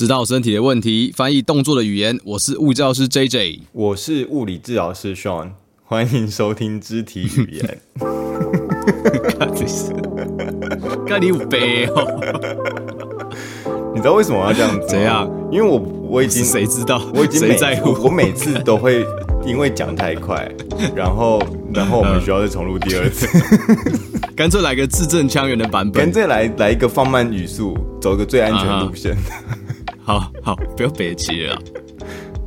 知道身體的問題，翻譯動作的語言。我是物教師 J J，我是物理治療師 Sean。歡迎收聽肢體語言。 你，你，哦、你知道為什麼要這樣這樣？因為我我已經我誰知道，我已經不在乎。我每次都會因為講太快， 然後然後我們需要再重錄第二次。嗯、 乾脆來個字正腔圓的版本。乾脆來來一個放慢語速，走個最安全的路線。啊好好，不要別急了。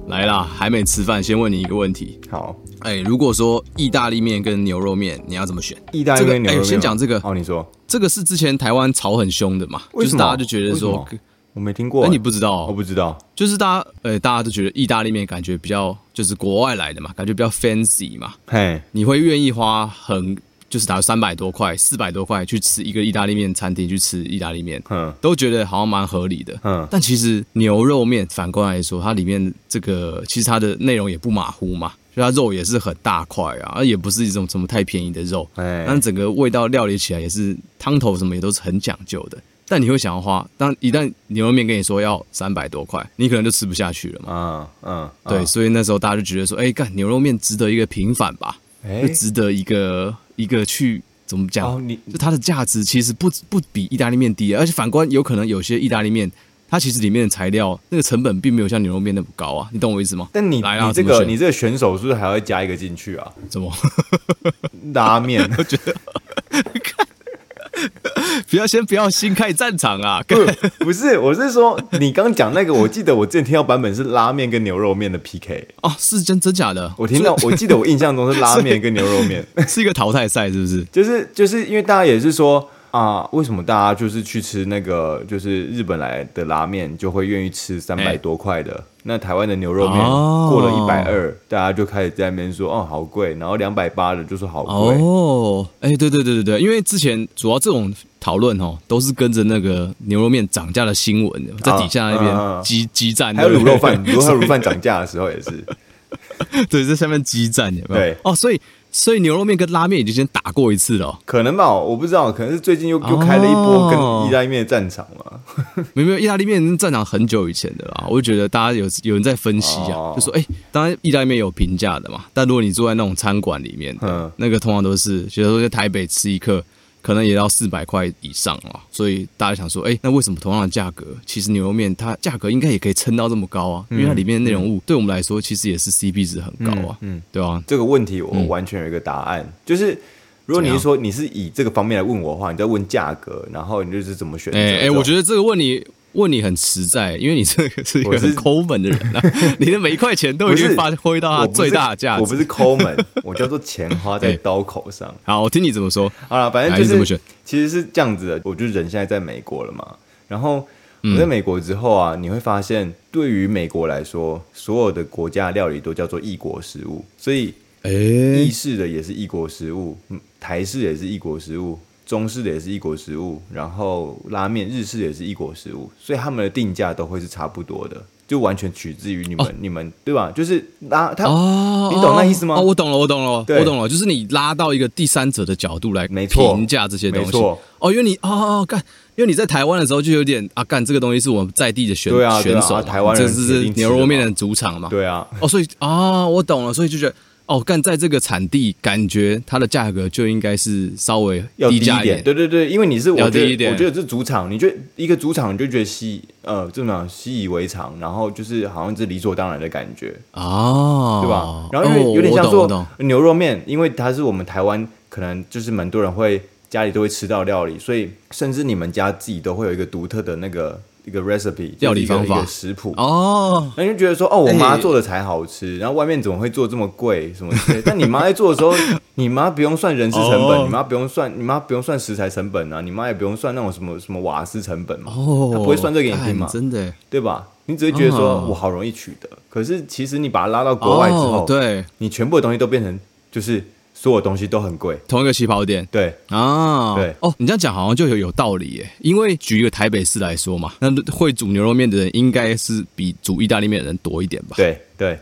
來啦，還沒吃飯，先問你一個問題。好，哎、欸，如果說意大利麵跟牛肉麵，你要怎麼選？意大利麵，哎，先講這個。哦，你說，這個是之前台灣炒很兇的嘛為什麼？就是大家就覺得說，我沒聽過、欸？那、欸、你不知道、喔？我不知道，就是大家，呃、欸，大家都覺得意大利麵感覺比較就是國外來的嘛，感覺比較 fancy 嘛。嘿，你會願意花很。就是拿三百多塊、四百多塊去吃一個意大利麵餐廳，去吃意大利麵，嗯，都覺得好像蠻合理的，嗯。但其實牛肉麵反過來說，它裡面這個其實它的內容也不馬虎嘛，就它肉也是很大塊啊，而也不是一種什麼太便宜的肉，哎、欸。但整個味道料理起來也是湯頭什麼也都是很講究的。但你會想要花，當一旦牛肉麵跟你說要三百多塊，你可能就吃不下去了嘛，嗯嗯，嗯嗯對。所以那時候大家就覺得說，哎、欸，幹牛肉麵值得一個平反吧？就值得一個。一個去怎麼講？哦，就它的價值其實不不比意大利麵低啊，而且反觀有可能有些意大利麵，它其實裡面的材料那個成本並沒有像牛肉麵那麼高啊，你懂我意思嗎？但你來了，你這個你這個選手是不是還要加一個進去啊？怎麼拉麵 麵？ 我覺得看。 不要先不要新開戰場啊！不、嗯、不是，我是說你剛講那個，我記得我之前聽到版本是拉麵跟牛肉麵的 PK 哦、啊，是真真假的？我聽到，是我記得我印象中是拉麵跟牛肉麵是，是一個淘汰賽，是不是？就是就是因為大家也是說。啊，為什麼大家就是去吃那個就是日本來的拉麵，就會願意吃三百多塊的？欸、那台灣的牛肉麵過了一百二，大家就開始在那邊說哦好貴，然後兩百八的就說好貴。哦，哎，對對對對對，因為之前主要這種討論哦，都是跟着那個牛肉麵漲價的新聞，在底下那邊激、啊嗯啊、激、激戰對不對？還有滷肉飯，比如滷肉飯漲價的時候也是，所以 對，在下面激戰有沒有對哦，所以。所以牛肉麵跟拉麵已經先打過一次了，可能吧，我不知道，可能是最近又又開了一波跟意大利麵的戰場嘛。哦、 沒有，意大利麵戰場很久以前的啦，我就覺得大家有有人在分析啊，哦、就說，哎、欸，當然意大利麵有平價的嘛，但如果你住在那種餐館裡面，嗯、那個通常都是，比如說在台北吃一客可能也要四百塊以上啊，所以大家想說，哎、欸，那為什麼同樣的價格，其實牛肉麵它價格應該也可以撐到這麼高啊？嗯、因為它裡面的內容物、嗯、對我們來說，其實也是 CP 值很高啊。嗯，嗯對啊，這個問題我完全有一個答案，嗯、就是如果你是說你是以這個方面來問我的話，你在問價格，然後你就是怎麼選擇？哎，欸欸、我覺得這個問題。問你很實在，因為你這個是一個很摳門的人是、啊，你的每一塊錢都已經發揮到它最大的價值。不我不是摳門，我、摳門、我叫做錢花在刀口上。 欸、好，我聽你怎麼說。好了，反正就是、啊、你怎麼其實是這樣子的，我就人現在在美國了嘛。然後我在美國之後啊，嗯、你會發現，對於美國來說，所有的國家的料理都叫做異國食物，所以，哎、欸，意式的也是異國食物，台式也是異國食物，中式的也是異國食物，然後拉麵，日式的也是異國食物，所以他們的定價都會是差不多的，就完全取自於你們，哦、你們對吧？就是拉他哦，你懂那意思嗎？哦，我懂了，我懂了，對我懂了，就是你拉到一個第三者的角度來評價這些東西，沒錯哦。因為你哦幹、哦，因為你在台灣的時候就有點啊幹，這個東西是我們在地的選選手，台灣這是牛肉麵的主場嘛，對啊。哦，所以啊、哦，我懂了，所以就覺得。哦，但在這個產地，感覺它的價格就應該是稍微低要低一點。對對對，因為你是我，的，覺得我覺得是主場，你就一個主場，你就覺得習呃，這麼樣習以為常，然後就是好像是理所當然的感覺，哦、對吧？然後因為有點像說牛肉麵，哦、因為它是我們台灣，可能就是蠻多人會家裡都會吃到的料理，所以甚至你們家自己都會有一個獨特的那個。一個 recipe 料理方法，食譜哦，那你就覺得說，哦，我媽做的才好吃，欸、然後外面怎麼會做這麼貴？什麼之類？但你媽在做的時候， 你媽不用算人事成本，哦、你媽不用算，你媽不用算食材成本啊，你媽也不用算那種什麼什麼瓦斯成本嘛，她、哦、不會算這給你聽嘛，哎、真的、欸，對吧？你只會覺得說，哦、我好容易取得，可是其實你把它拉到國外之後，哦、對你全部的東西都變成就是。做的東西都很貴，同一個起跑點，對啊，哦、對哦，你這樣講好像就有有道理耶，因為舉一個台北市來說嘛，那會煮牛肉麵的人應該是比煮意大利麵的人多一點吧？對。對，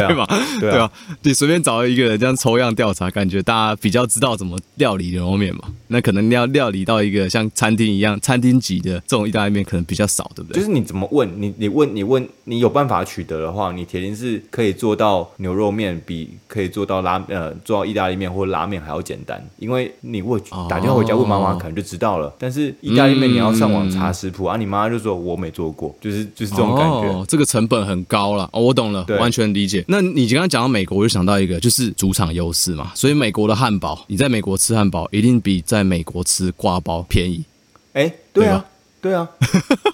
對吧，對啊，你隨便找一個人這樣抽樣調查，感覺大家比較知道怎麼料理牛肉麵嘛。那可能你要料理到一個像餐廳一樣，餐廳級的這種意大利麵可能比較少，對不對？就是你怎麼問你，你問你問你有辦法取得的話，你鐵定是可以做到牛肉麵比可以做到拉呃做到意大利麵或拉麵還要簡單，因為你問打電話回家問媽媽可能就知道了，哦、但是意大利麵你要上網查食譜，嗯、啊，你媽媽就說我沒做過，就是就是這種感覺，哦、這個成本很高啦。哦，我懂。完全理解。那你剛剛講到美國，我就想到一個，就是主場優勢嘛。所以美國的漢堡，你在美國吃漢堡，一定比在美國吃掛包便宜。哎，對啊，對啊。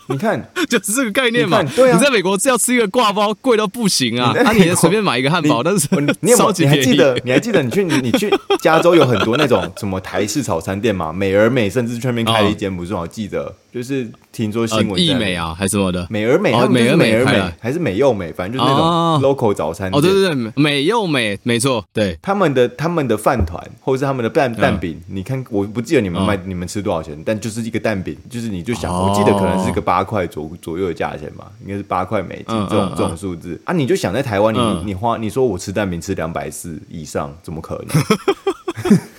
你看，就是這個概念嘛。你在美國只要吃一個掛包，貴到不行啊。那你就隨便買一個漢堡，但是你有？你還記得？你還記得？你去你去加州有很多那種什麼台式早餐店嘛？美而美，甚至全面開了一間，不是？我記得，就是。聽說新聞，意、呃、美啊，還是什麼的美而美，美而美、哦，美而美，美而美而美，還是美又美，反正就是那種 local 早餐。哦，對對對，美又美，沒錯。對他們的他們的飯糰，或者是他們的蛋蛋餅，嗯、你看，我不記得你們賣、嗯、你們吃多少錢，但就是一個蛋餅，就是你就想，哦、我記得可能是個八塊左左右的價錢吧，應該是八塊美金這種、嗯嗯嗯、這種數字啊，你就想在台灣，你你花，你說我吃蛋餅吃兩百四以上，怎麼可能？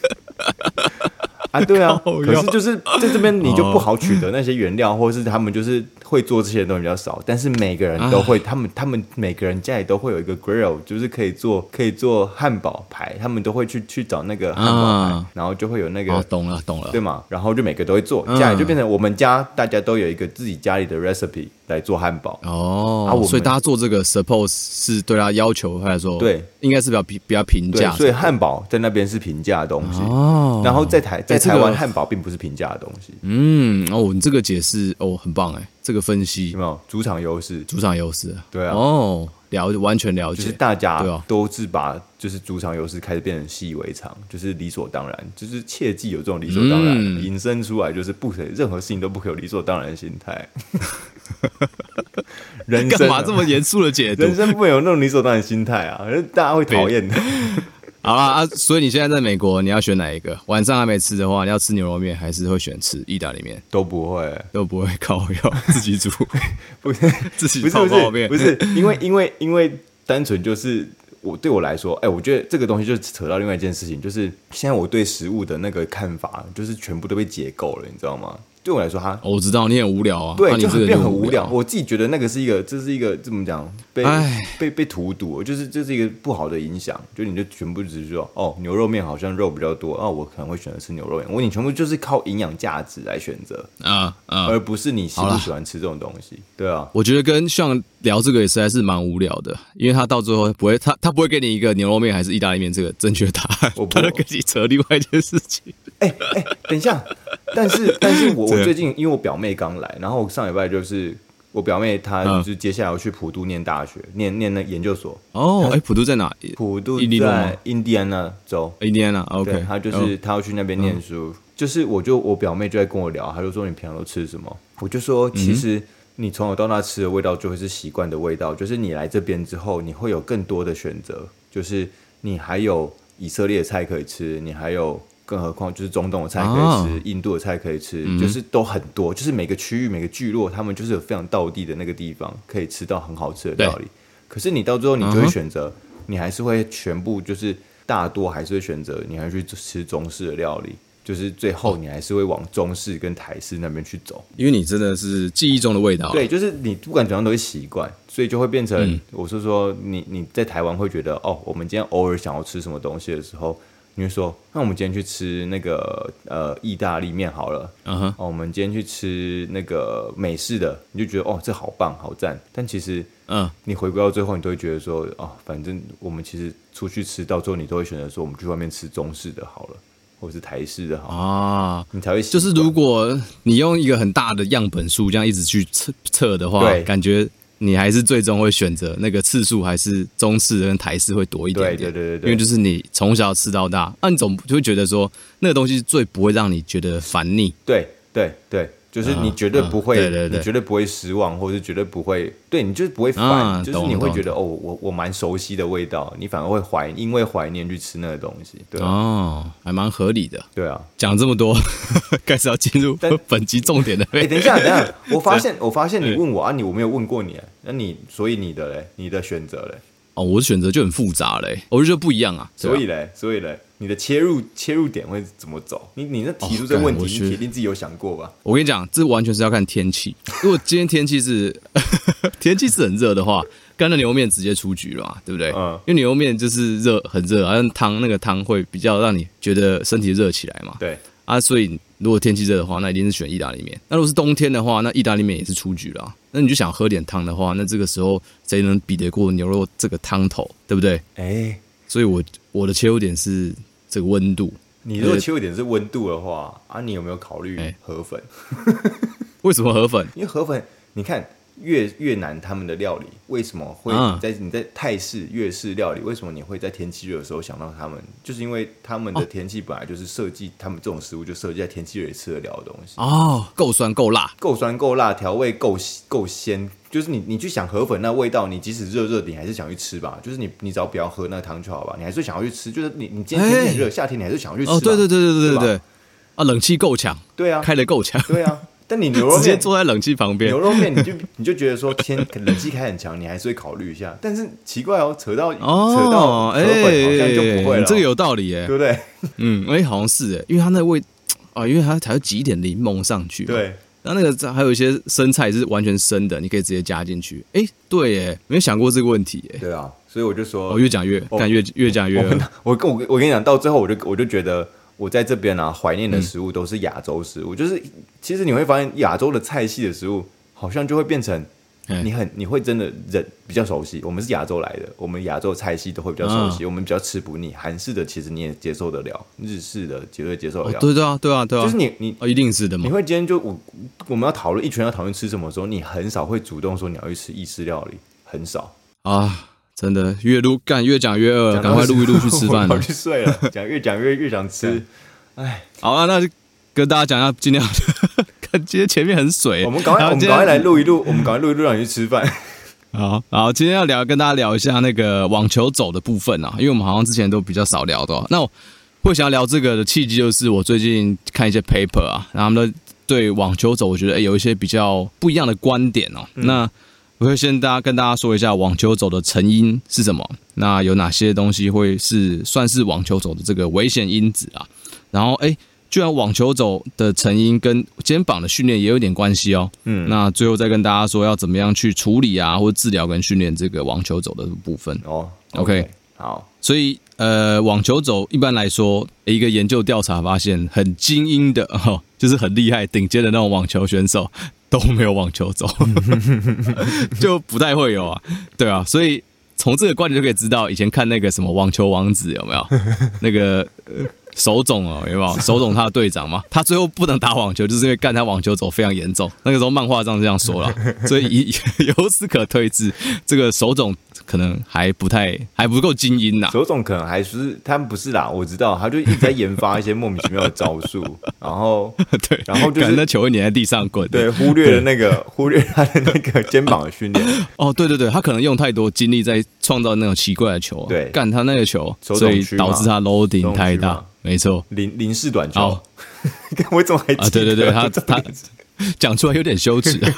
啊，對啊，可是就是在這邊你就不好取得那些原料，哦、或者是他們就是會做這些東西比較少。但是每個人都會，啊、他們他們每個人家裡都會有一個 grill，就是可以做可以做漢堡排。他們都會去去找那個漢堡排，啊、然後就會有那個懂了、啊、懂了，懂了對嘛？然後就每個都會做，家裡就變成我們家大家都有一個自己家裡的 recipe 來做漢堡哦。啊我，所以大家做這個 suppose 是對他要求或者說對，應該是比較平比較平價，所以漢堡在那邊是平價的東西哦。然後在台在台灣漢堡並不是評價的東西。嗯，哦，你這個解釋哦很棒哎，這個分析有沒有主場優勢？主場優勢，主場優勢對啊。哦，了解，完全了解。其實大家都是把就是主場優勢開始變成習以為常，啊、就是理所當然，就是切忌有這種理所當然。引申、嗯、出來就是不可以，任何事情都不可以有理所當然的心態。 人生幹嘛這麼嚴肅的解讀？人生不會有那種理所當然心態啊，大家會討厭的。好啦，啊，所以你現在在美國，你要選哪一個？晚上還沒吃的話，你要吃牛肉麵，還是會選吃意大利麵？都不會，都不會靠要自己煮， 不是自己炒麵，不，不是，不是，因為因為因為單純就是我對我來說，哎，我覺得這個東西就扯到另外一件事情，就是現在我對食物的那個看法，就是全部都被解構了，你知道嗎？對我來說，哈，我知道你很無聊啊、哦，對，就變很無聊。我自己覺得那個是一個，這、就是一個怎麼講？被唉被被荼毒，就是這、就是一個不好的影響。就你就全部只是說，哦，牛肉麵好像肉比較多，那、哦、我可能會選擇吃牛肉麵。我你全部就是靠營養價值來選擇啊啊，uh, uh, 而不是你喜不喜歡吃這種東西。啦對啊，我覺得跟 Sean 聊這個也實在是蠻無聊的，因為他到最後不會，他他不會給你一個牛肉麵還是意大利麵這個正確答案。我不會跟你扯另外一件事情。哎哎、欸欸，等一下，但是但是，我。 我最近因為我表妹剛來，然後我上禮拜就是我表妹她，就是接下來要去普渡念大學，嗯、念念那研究所。哦，哎、欸，普渡在哪？普渡在印第安納州，印第安納。OK，、哦、她就是、哦、她要去那邊念書。嗯、就是我就我表妹就在跟我聊，她就說你平常都吃什麼？我就說其實你從小到大吃的味道就會是習慣的味道，就是你來這邊之後你會有更多的選擇，就是你還有以色列的菜可以吃，你還有。更何況就是中東的菜可以吃，啊哦、印度的菜可以吃，嗯、就是都很多，就是每個區域每個聚落，他們就是有非常道地的那個地方，可以吃到很好吃的料理。對可是你到最後，你就會選擇，啊哦、你還是會全部就是大多還是會選擇，你還是去吃中式的料理，就是最後你還是會往中式跟台式那邊去走，因為你真的是記憶中的味道。對，就是你不管怎樣都會習慣，所以就會變成、嗯、我是說，說你，你你在台灣會覺得哦，我們今天偶爾想要吃什麼東西的時候。你就說，那我們今天去吃那個呃意大利麵好了。嗯哼、uh，哦、huh. 啊，我們今天去吃那個美式的，你就覺得哦，這好棒好讚。但其實，嗯、uh，huh. 你回歸到最後，你都會覺得說，哦，反正我們其實出去吃，到最後你都會選擇說，我們去外面吃中式的好了，或者是台式的好啊，uh huh. 你才會就是，如果你用一個很大的樣本數這樣一直去測測的話，對，感覺。你還是最終會選擇那個次數還是中式跟台式會多一點點，對，對對對對，因為就是你從小吃到大，那、啊、你總就會覺得說那個東西最不會讓你覺得煩膩，對對對。就是你絕對不會，啊啊、對對對你絕對不會失望，或者是絕對不會，對你就是不會煩，啊、就是你會覺得了哦，我我蠻熟悉的味道，你反而會懷，因為懷念去吃那個東西，對哦，還蠻合理的，對啊，講這麼多，開始要進入但本集重點的妹妹。哎、欸，等一下，等一下，我發現，在我發現你問我對啊，你我沒有問過你，那你所以你的嘞，你的選擇嘞，哦，哦，我的選擇就很複雜嘞，我就覺得不一樣啊，所以嘞，所以嘞。你的切入切入點會怎麼走？你你那提出這個問題，oh, 你肯定自己有想過吧？我跟你講，這完全是要看天氣。如果今天天氣是 天氣是很熱的話，乾的牛肉面直接出局了，對不對？嗯、因為牛肉麵就是熱，很熱、啊，好像湯那個湯會比較讓你覺得身體熱起來嘛。對。啊，所以如果天氣熱的話，那一定是選意大利麵。那如果是冬天的話，那意大利面也是出局了。那你就想喝點湯的話，那這個時候誰能比得過牛肉這個湯頭，對不對？哎、欸。所以我我的切入點是。這個溫度，你如果缺一點是溫度的話為啊，你有沒有考慮河粉？ 為什麼河粉？因為河粉，你看。越越南他們的料理為什麼會你在，嗯、你在泰式、越式料理？為什麼你會在天氣熱的時候想到他們？就是因為他們的天氣本來就是設計，哦，他們這種食物就設計在天氣熱吃得了的東西。哦，夠酸夠辣，夠酸夠辣，調味夠夠鮮，就是你你去想河粉那味道，你即使熱熱你還是想去吃吧。就是你你只要不要喝那個湯就好吧，你還是想要去吃。就是你你今天天熱，欸、夏天你還是想要去吃。哦，對對對對對對，啊，冷氣夠強，對啊，開得夠強對，啊，對啊。但你牛肉直接坐在冷氣旁邊，牛肉麵你就你就覺得說天冷氣，冷氣開很強，你還是會考慮一下。但是奇怪哦，扯到、哦、扯到扯到好像就不會了。欸欸欸、這個有道理誒，對不對？嗯，哎、欸，好像是誒，因為它那味啊、哦，因為它還要擠一點檸檬上去。對，然後那個還有一些生菜是完全生的，你可以直接加進去。哎、欸，對誒，沒想過這個問題誒。對啊，所以我就說，我、哦、越講越，感覺、哦、越越講越我，我跟我我跟你講，到最後我就我就覺得。我在這邊啊懷念的食物都是亞洲食物，嗯、就是其實你會發現亞洲的菜系的食物，好像就會變成你很嘿你會真的人比較熟悉。我們是亞洲來的，我們亞洲菜系都會比較熟悉，嗯、我們比較吃不膩。韓式的其實你也接受得了，日式的絕對接受得了、哦。對對啊，對啊，對啊，就是你你、哦、一定是的嘛。你會今天就我我們要討論一群要討論吃什麼的時候，你很少會主動說你要去吃意式料理，很少啊。哦真的越擼干越講越餓，趕快錄一錄去吃飯。去睡了。講 越講越越想吃，對唉好啊，那就跟大家講一下今天。 今天前面很水，我們趕快，我們趕快來錄一錄，我們趕快錄一錄讓你去吃飯。好好，今天要聊跟大家聊一下那個網球肘的部分啊，因為我們好像之前都比較少聊的，啊。那我會想要聊這個的契機，就是我最近看一些 paper 啊，然後他們對網球肘，我覺得有一些比較不一樣的觀點哦，喔。嗯、那我會先大家跟大家說一下網球肘的成因是什麼，那有哪些東西會是算是網球肘的這個危險因子啊？然後，欸，居然網球肘的成因跟肩膀的訓練也有點關係哦。嗯，那最後再跟大家說要怎麼樣去處理啊，或治療跟訓練這個網球肘的部分。哦，OK。好。所以，呃，網球肘一般來說，一個研究調查發現，很精英的哈，就是很厲害頂尖的那種網球選手。都沒有網球肘， 就不太會有啊。對啊，所以從這個觀點就可以知道，以前看那個什麼網球王子有沒有那個手冢哦，有沒有手冢，他的隊長嘛？他最後不能打網球，就是因為幹他網球肘非常嚴重。那個時候漫畫上這樣說了，所以由此可推知，這個手冢。可能還不太還不夠精英吶，手總可能還是他們不是啦，我知道，他就一直在研發一些莫名其妙的招數，然後對，然後就是那球會粘在地上滾，對，忽略了那個忽略他的那個肩膀的訓練。哦，對對對，他可能用太多精力在創造那種奇怪的球，對，幹他那個球，所以導致他 loading 太大，沒錯，臨臨世短球。好，我怎麼還記得對對對，他他講出來有點羞恥。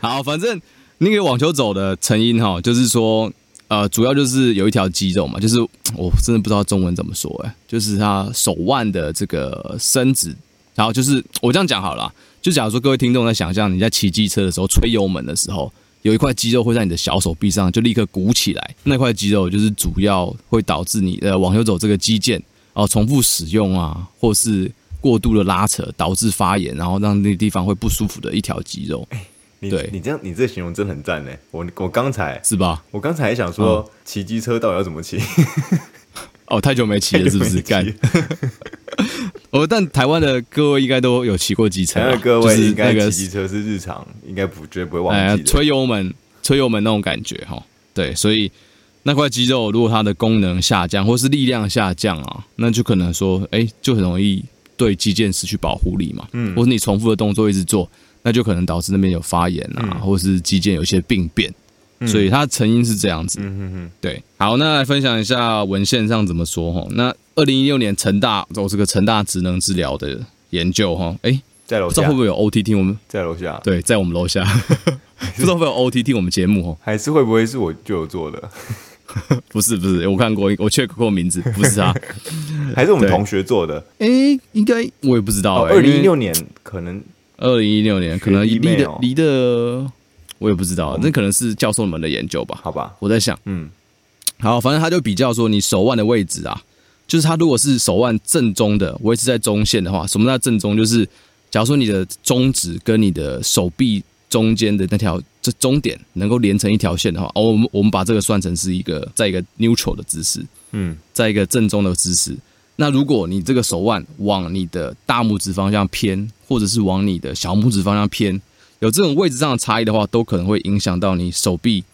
好，反正。那個網球肘的成因哈，就是說，呃，主要就是有一條肌肉嘛，就是我真的不知道中文怎麼說哎、欸，就是他手腕的這個伸直，然後就是我這樣講好了，就假如說各位聽眾在想象你在騎機車的時候吹油門的時候，有一塊肌肉會在你的小手臂上就立刻鼓起來，那塊肌肉就是主要會導致你的、呃、網球肘這個肌腱哦、呃、重複使用啊，或是過度的拉扯導致發炎，然後讓那個地方會不舒服的一條肌肉。你對你這樣，你這形容真的很讚嘞！我我剛才，是吧？我剛才還想說騎機、嗯、車到底要怎麼騎？ 哦，太久沒騎了，是不是？幹 哦，但台灣的各位應該都有騎過機車，台灣的各位應該騎機車是日常，那個、應該不絕對不會忘記。催、哎、油門，催油門那種感覺哈。對，所以那塊肌肉如果它的功能下降，或是力量下降啊，那就可能說，哎、欸，就很容易對肌腱失去保護力嘛。嗯，或是你重複的動作一直做。那就可能導致那邊有發炎啊，或是肌腱有些病變，所以它成因是這樣子。嗯嗯嗯，對。好，那來分享一下文獻上怎麼說哈。那二零一六年成大做這個成大職能治療的研究哈。哎，在樓下，不知道會不會有 O T T 我們。在樓下。對，在我們樓下，不知道會有 O T T 我們節目哈。還是會不會是我就有做的。不是不是，我看過，我 check 過名字，不是他，還是我們同學做的。哎，應該我也不知道。二零一六年可能，二零一六年，可能離的離的，我也不知道，那可能是教授們的研究吧。好吧，我在想，嗯，好，反正他就比較說，你手腕的位置啊，就是他如果是手腕正中的位置在中線的話，什麼叫正中？就是假如說你的中指跟你的手臂中間的那條這中點能夠連成一條線的話，哦，我們我們把這個算成是一個在一個 neutral 的姿勢，嗯，在一個正中的姿勢。那如果你這個手腕往你的大拇指方向偏，或者是往你的小拇指方向偏，有這種位置上的差異的話，都可能會影響到你手臂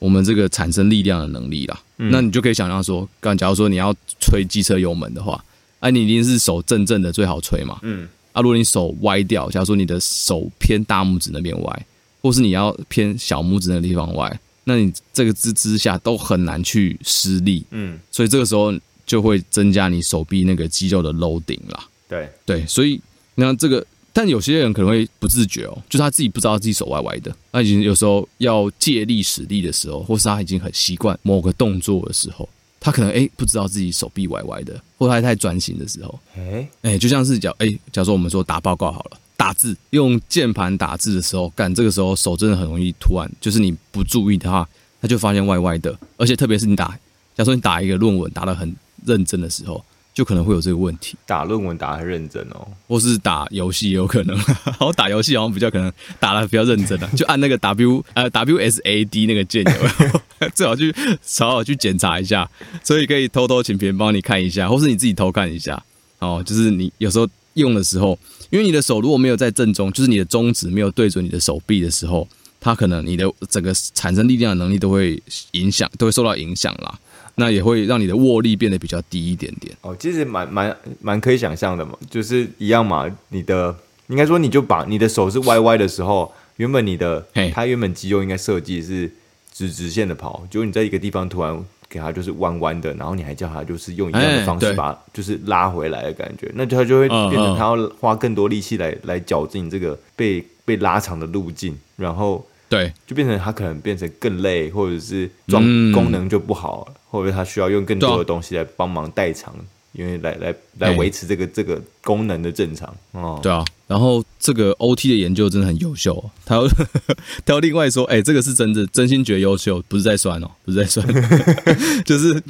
我們這個產生力量的能力啦，嗯、那你就可以想象說，剛假如說你要催機車油門的話，哎、啊，你一定是手正正的最好催嘛。嗯。啊，如果你手歪掉，假如說你的手偏大拇指那邊歪，或是你要偏小拇指那地方歪，那你這個之之下都很難去施力。嗯。所以這個時候。就會增加你手臂那個肌肉的 loading 啦對對，所以你看這個，但有些人可能會不自覺哦，就是他自己不知道自己手歪歪的。他已經有時候要借力使力的時候，或是他已經很習慣某個動作的時候，他可能哎、欸、不知道自己手臂歪歪的，或他太專心的時候，哎、欸、哎，就像是假哎、欸，假如說我們說打報告好了，打字用鍵盤打字的時候，幹這個時候手真的很容易突然，就是你不注意的話，他就發現歪歪的，而且特別是你打，假如說你打一個論文打得很。認真的時候，就可能會有這個問題。打論文打的認真哦，或是打遊戲也有可能。然 後打遊戲好像比較可能打的比較認真了，就按那個 W、呃、W S A D 那個鍵， 最好去好好去檢查一下。所以可以偷偷請別人幫你看一下，或是你自己偷看一下。哦，就是你有時候用的時候，因為你的手如果沒有在正中，就是你的中指沒有對準你的手臂的時候，它可能你的整個產生力量的能力都會影響，都會受到影響啦。那也會讓你的握力變得比較低一點點哦，其實蠻蠻蠻可以想象的嘛，就是一樣嘛。你的應該說，你就把你的手是歪歪的時候，原本你的嘿它原本肌肉應該設計是直直線的跑，結果你在一個地方突然給它就是彎彎的，然後你還叫它就是用一樣的方式把就是拉回來的感覺，那它就會變成它要花更多力氣來來矯正這個被被拉長的路徑，然後。對，就變成他可能變成更累，或者是裝功能就不好了，嗯、或者他需要用更多的東西來幫忙代償，啊、因為來來來維持這個、欸、這個功能的正常。哦，對啊，然後這個 OT 的研究真的很優秀，哦，他 他另外說，哎、欸，這個是真的，真心覺得優秀，不是在酸哦，不是在酸， 就是。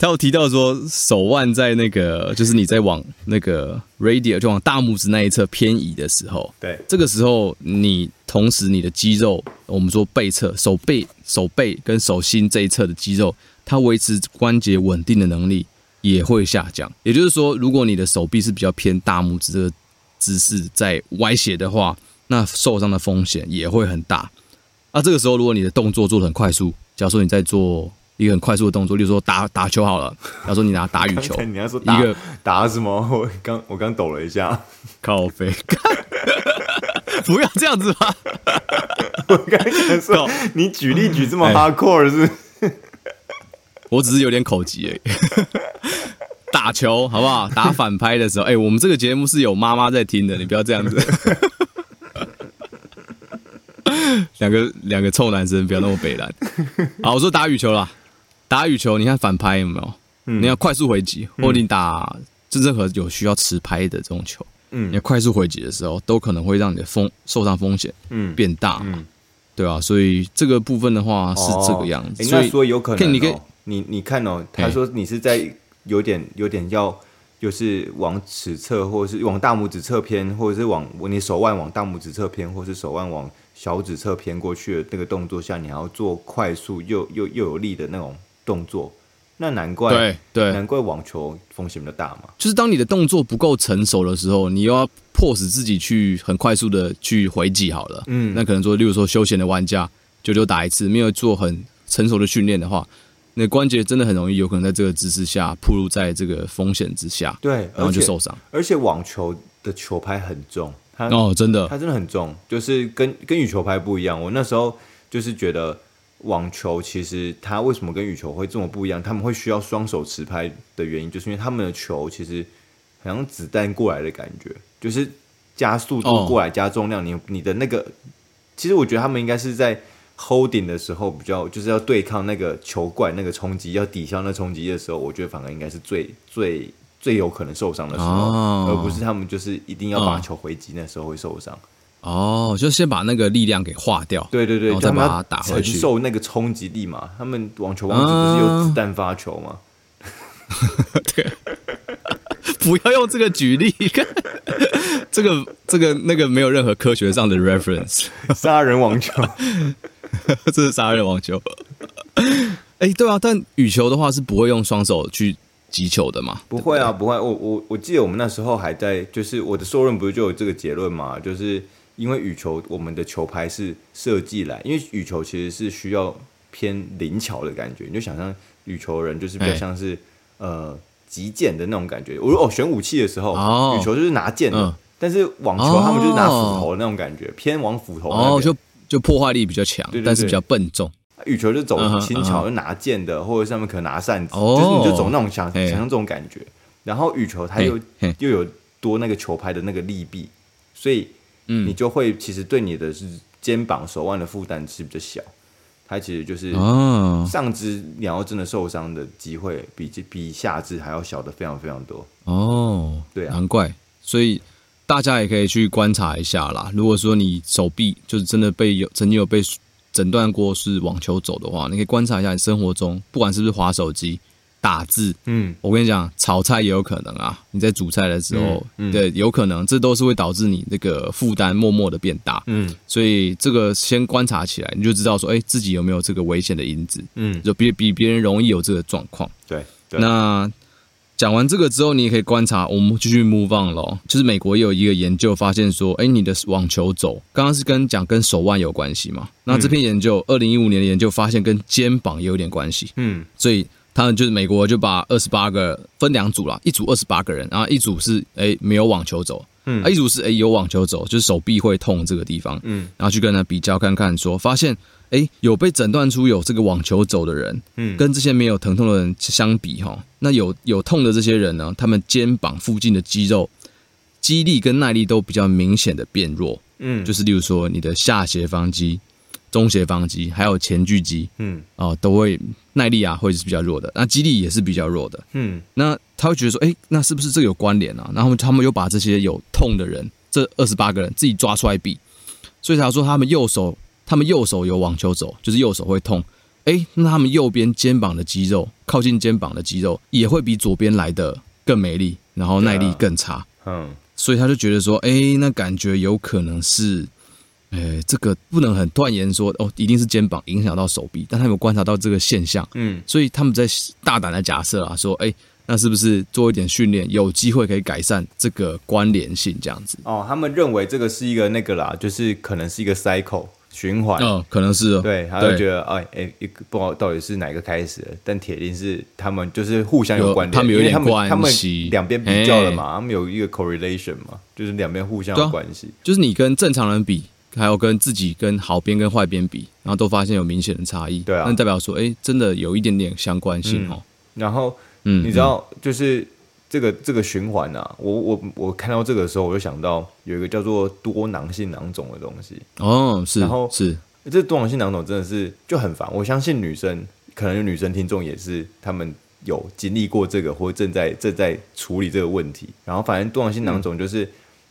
他有提到說，手腕在那個，就是你在往那個 radio 就往大拇指那一側偏移的時候，對，這個時候你同時你的肌肉，我們說背側、手背、手背跟手心這一側的肌肉，它維持關節穩定的能力也會下降。也就是說，如果你的手臂是比較偏大拇指的姿勢在歪斜的話，那受傷的風險也會很大。那、啊、這個時候，如果你的動作做得很快速，假如說你在做。一個很快速的動作，例如說打打球好了。他說你拿打羽球，一個打什麼？我剛我剛抖了一下，靠北，不要這樣子吧。我剛才說 你舉例舉這麼 hard core 是，是，哎，我只是有點口急而已。打球好不好？打反拍的時候，哎，我們這個節目是有媽媽在聽的，你不要這樣子。 兩個兩個臭男生，不要那麼北爛。好，我說打羽球啦。打羽球，你看反拍有沒有？嗯、你要快速回擊，嗯、或者你打就任何有需要持拍的這種球，嗯，你要快速回擊的時候，都可能會讓你的風受傷風險嗯變大，嗯嗯、對吧、啊？所以這個部分的話是這個樣子。所以有可能、哦，你可以你你看哦，他說你是在有點有點要，就是往尺側，或者是往大拇指側偏，或者是往你手腕往大拇指側偏，或是手腕往小指側偏過去的那個動作下，你還要做快速又又又有力的那種。動作，那難怪對，對難怪網球風險比較大嘛。就是當你的動作不夠成熟的時候，你又要迫使自己去很快速的去回擊好了。嗯，那可能說，例如說休閒的玩家久久打一次，沒有做很成熟的訓練的話，那關節真的很容易有可能在這個姿勢下，暴露在這個風險之下，對，然後就受傷。而且網球的球拍很重，哦，真的，它真的很重，就是跟跟羽球拍不一樣。我那時候就是覺得。網球其實它為什麼跟羽球會這麼不一樣？他們會需要雙手持拍的原因，就是因為他們的球其實好像子彈過來的感覺，就是加速度過來，oh. 加重量，你你的那個，其實我覺得他們應該是在 holding 的時候比較，就是要對抗那個球怪那個衝擊，要抵消那衝擊的時候，我覺得反而應該是最最最有可能受傷的時候，oh. 而不是他們就是一定要把球回擊那時候會受傷。Oh. Oh. 哦，oh, 就先把那個力量給化掉，對對對，然後再把它打回去，承受那個衝擊力嘛。他們網球王子不是有子彈發球嗎？啊、 對 不要用這個舉例， 這個這個那個沒有任何科學上的 reference。殺人網球， 這是殺人網球。哎、 欸，對啊，但羽球的話是不會用雙手去擊球的嘛？不會啊，對不，對不會。我我我記得我們那時候還在，就是我的碩論不是就有這個結論嘛，就是。因為羽球，我們的球拍是設計來，因為羽球其實是需要偏靈巧的感覺。你就想象羽球人就是比較像是呃擊劍的那種感覺。我說哦，選武器的時候，羽球就是拿劍的，但是網球他們就是拿斧頭的那種感覺，偏往斧頭，然後就就破壞力比較強，但是比較笨重。羽球就走輕巧，就拿劍的，或者上面可能拿扇子，就是你就走那種想想像這種感覺。然後羽球它又又有多那個球拍的那個利弊，所以。嗯，你就會其實對你的是肩膀、手腕的負擔是比較小，它其實就是，上肢你要真的受傷的機會比這比下肢還要小的非常非常多。哦，對啊，難怪，所以大家也可以去觀察一下啦。如果說你手臂就是真的被有曾經有被診斷過是網球肘的話，你可以觀察一下你生活中，不管是不是滑手機。打字，嗯，我跟你講，炒菜也有可能啊。你在煮菜的時候，嗯嗯、對，有可能，這都是會導致你那個負擔默默的變大，嗯，所以這個先觀察起來，你就知道說，哎，自己有沒有這個危險的因子，嗯，就比比別人容易有這個狀況，對。對。那講完這個之後，你也可以觀察，我們繼續 move on 咯就是美國也有一個研究發現說，哎，你的網球肘，剛剛是跟講跟手腕有關係嘛？那這篇研究，二零一五年的研究發現跟肩膀也有點關係，嗯，所以。他們就是美國就把二十八個分兩組啦，一組二十八個人，然後一組是哎、欸、沒有網球肘，嗯，啊一組是哎、欸、有網球肘，就是手臂會痛這個地方，嗯，然後去跟他比較看看，說發現哎、欸、有被診斷出有這個網球肘的人，嗯，跟這些沒有疼痛的人相比哈，那有有痛的這些人呢，他們肩膀附近的肌肉肌力跟耐力都比較明顯的變弱，嗯，就是例如說你的下斜方肌。中斜方肌還有前鋸肌，嗯，哦，都會耐力啊會是比較弱的，那肌力也是比較弱的，嗯，那他會覺得說，哎，那是不是這個有關聯啊？然後他們又把這些有痛的人，這二十八個人自己抓出來比，所以他說他們右手，他們右手有網球肘，就是右手會痛，哎，那他們右邊肩膀的肌肉，靠近肩膀的肌肉也會比左邊來的更沒力，然後耐力更差，嗯，所以他就覺得說，哎，那感覺有可能是。哎、欸，這個不能很斷言說哦，一定是肩膀影響到手臂，但他有觀察到這個現象，嗯，所以他們在大膽的假設啊，說哎、欸，那是不是做一點訓練，有機會可以改善這個關聯性這樣子？哦，他們認為這個是一個那個啦，就是可能是一個 cycle 循環，嗯、哦，可能是、哦、對，他們覺得哎哎，一個對、哦欸、不知道，到底是哪一個開始的，但鐵定是他們就是互相有關聯，他們有一點關係，兩邊比較了嘛，欸、他們有一個 correlation 嘛，就是兩邊互相有關係，啊，就是你跟正常人比。還有跟自己、跟好邊、跟壞邊比，然後都發現有明顯的差異。對啊，那代表說，哎、欸，真的有一點點相關性哦、喔嗯。然後，嗯，你知道，就是這個這個循環啊，我我我看到這個時候，我就想到有一個叫做多囊性囊腫的東西哦。是，然後是、欸、這多囊性囊腫真的是就很煩。我相信女生可能有女生聽眾也是，他們有經歷過這個，或正在正在處理這個問題。然後，反正多囊性囊腫就是。嗯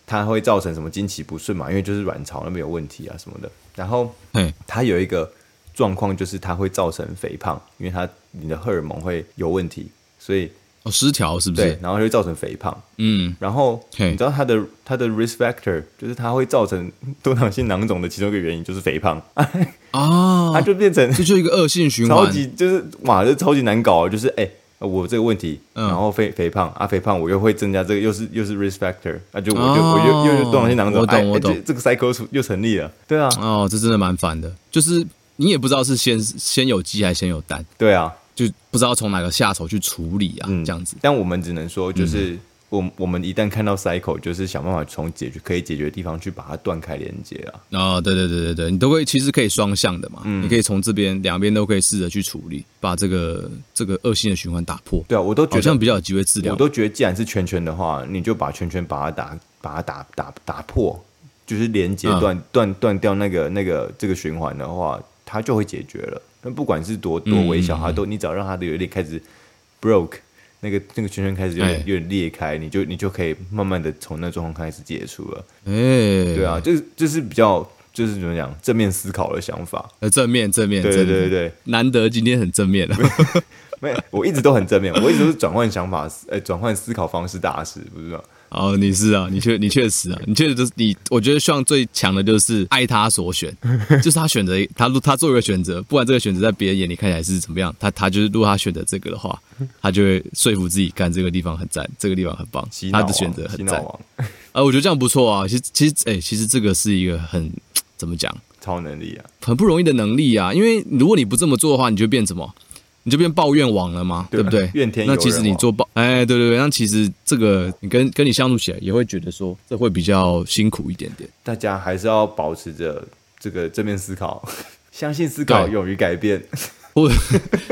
它會造成什麼經期不順嘛？因為就是卵巢那邊有問題啊什麼的。然後，嘿它有一個狀況就是它會造成肥胖，因為它你的荷爾蒙會有問題，所以、哦、失調是不是？然後就會造成肥胖，嗯。然後嘿你知道它的它的 risk factor 就是它會造成多囊性囊腫的其中一個原因就是肥胖啊。 哦、它就變成就一個惡性循環，超級就是哇，就超級難搞，就是哎。誒我這個問題，然後肥肥胖、嗯、啊，肥胖我又會增加這個又，又是又是 risk factor 啊，就我就、哦、我就又又，又多囊性囊腫，我懂，我懂，這這個 cycle 又成立了，對啊，哦，這真的蠻煩的，就是你也不知道是先先有雞還是先有蛋，對啊，就不知道從哪個下手去處理啊，嗯、這樣子，但我們只能說就是。嗯我我們一旦看到 cycle，就是想辦法從解決可以解決的地方去把它斷開連接啊。啊、哦，對對對對對，你都會其實可以雙向的嘛，嗯、你可以從這邊兩邊都可以試着去處理，把這個這個惡性的循環打破。對啊，我都覺得這樣比較有機會治療。我都覺得既然是圈圈的話，你就把圈圈把它打把它打打打破，就是連接斷、嗯、斷斷掉那個那個這個循環的話，它就會解決了。那不管是多多微小，嗯、它都你只要讓它都有一點開始 broke。那個那個圈圈開始有點、欸、有點裂開，你就你就可以慢慢的從那狀況開始解除了。誒、欸，對啊，就是就是比較就是怎麼講正面思考的想法，呃，正，正面正面，對，對對對，難得今天很正面啊，沒有不， 我一直都很正面，我一直都是轉換想法，呃、欸，轉換思考方式大師，不是嗎？道。哦，你是啊，你確你確實啊，你確實就是你。我覺得希望最強的就是愛他所選，就是他選擇他他做一個選擇，不管這個選擇在別人眼裡看起來是怎麼樣，他他就是如果他選擇這個的話，他就會說服自己，看這個地方很讚，這個地方很棒，他的選擇很讚。呃，我覺得這樣不錯啊。其實其實哎、欸，其實這個是一個很怎麼講，超能力啊，很不容易的能力啊。因為如果你不這麼做的話，你就變什麼？你就變抱怨王了嗎？對，對不對？怨天尤人。那其實你做抱哎，對對對。那其實這個你跟跟你相處起來也會覺得說，這會比較辛苦一點點。大家還是要保持着這個正面思考，相信思考，對勇於改變，或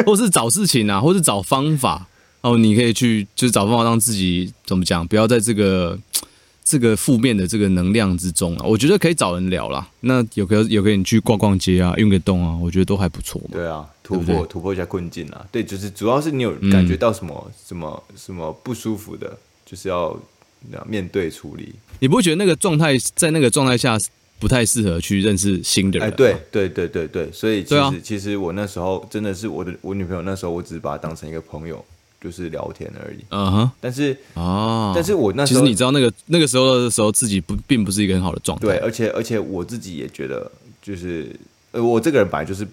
或是找事情啊，或是找方法然後、 哦、你可以去，就是找方法讓自己怎麼講，不要在這個這個負面的這個能量之中啊。我覺得可以找人聊啦。那有可有可以去逛逛街啊，運個動啊，我覺得都還不錯。對啊。突破，對不對？突破一下困境啊！對，就是主要是你有感覺到什麼、嗯、什麼什麼不舒服的，就是要面對處理。你不會覺得那個狀態在那個狀態下不太適合去認識新的人、啊？人、哎。對對對對，所以其實、對啊、其實我那時候真的是我的我女朋友那時候，我只是把她當成一個朋友，就是聊天而已。嗯哼、uh，huh、但是啊，哦、但是我那時候，其實你知道那個那個時候的時候，自己不並不是一個很好的狀態，對，而且而且我自己也覺得，就是呃，我這個人本來就是。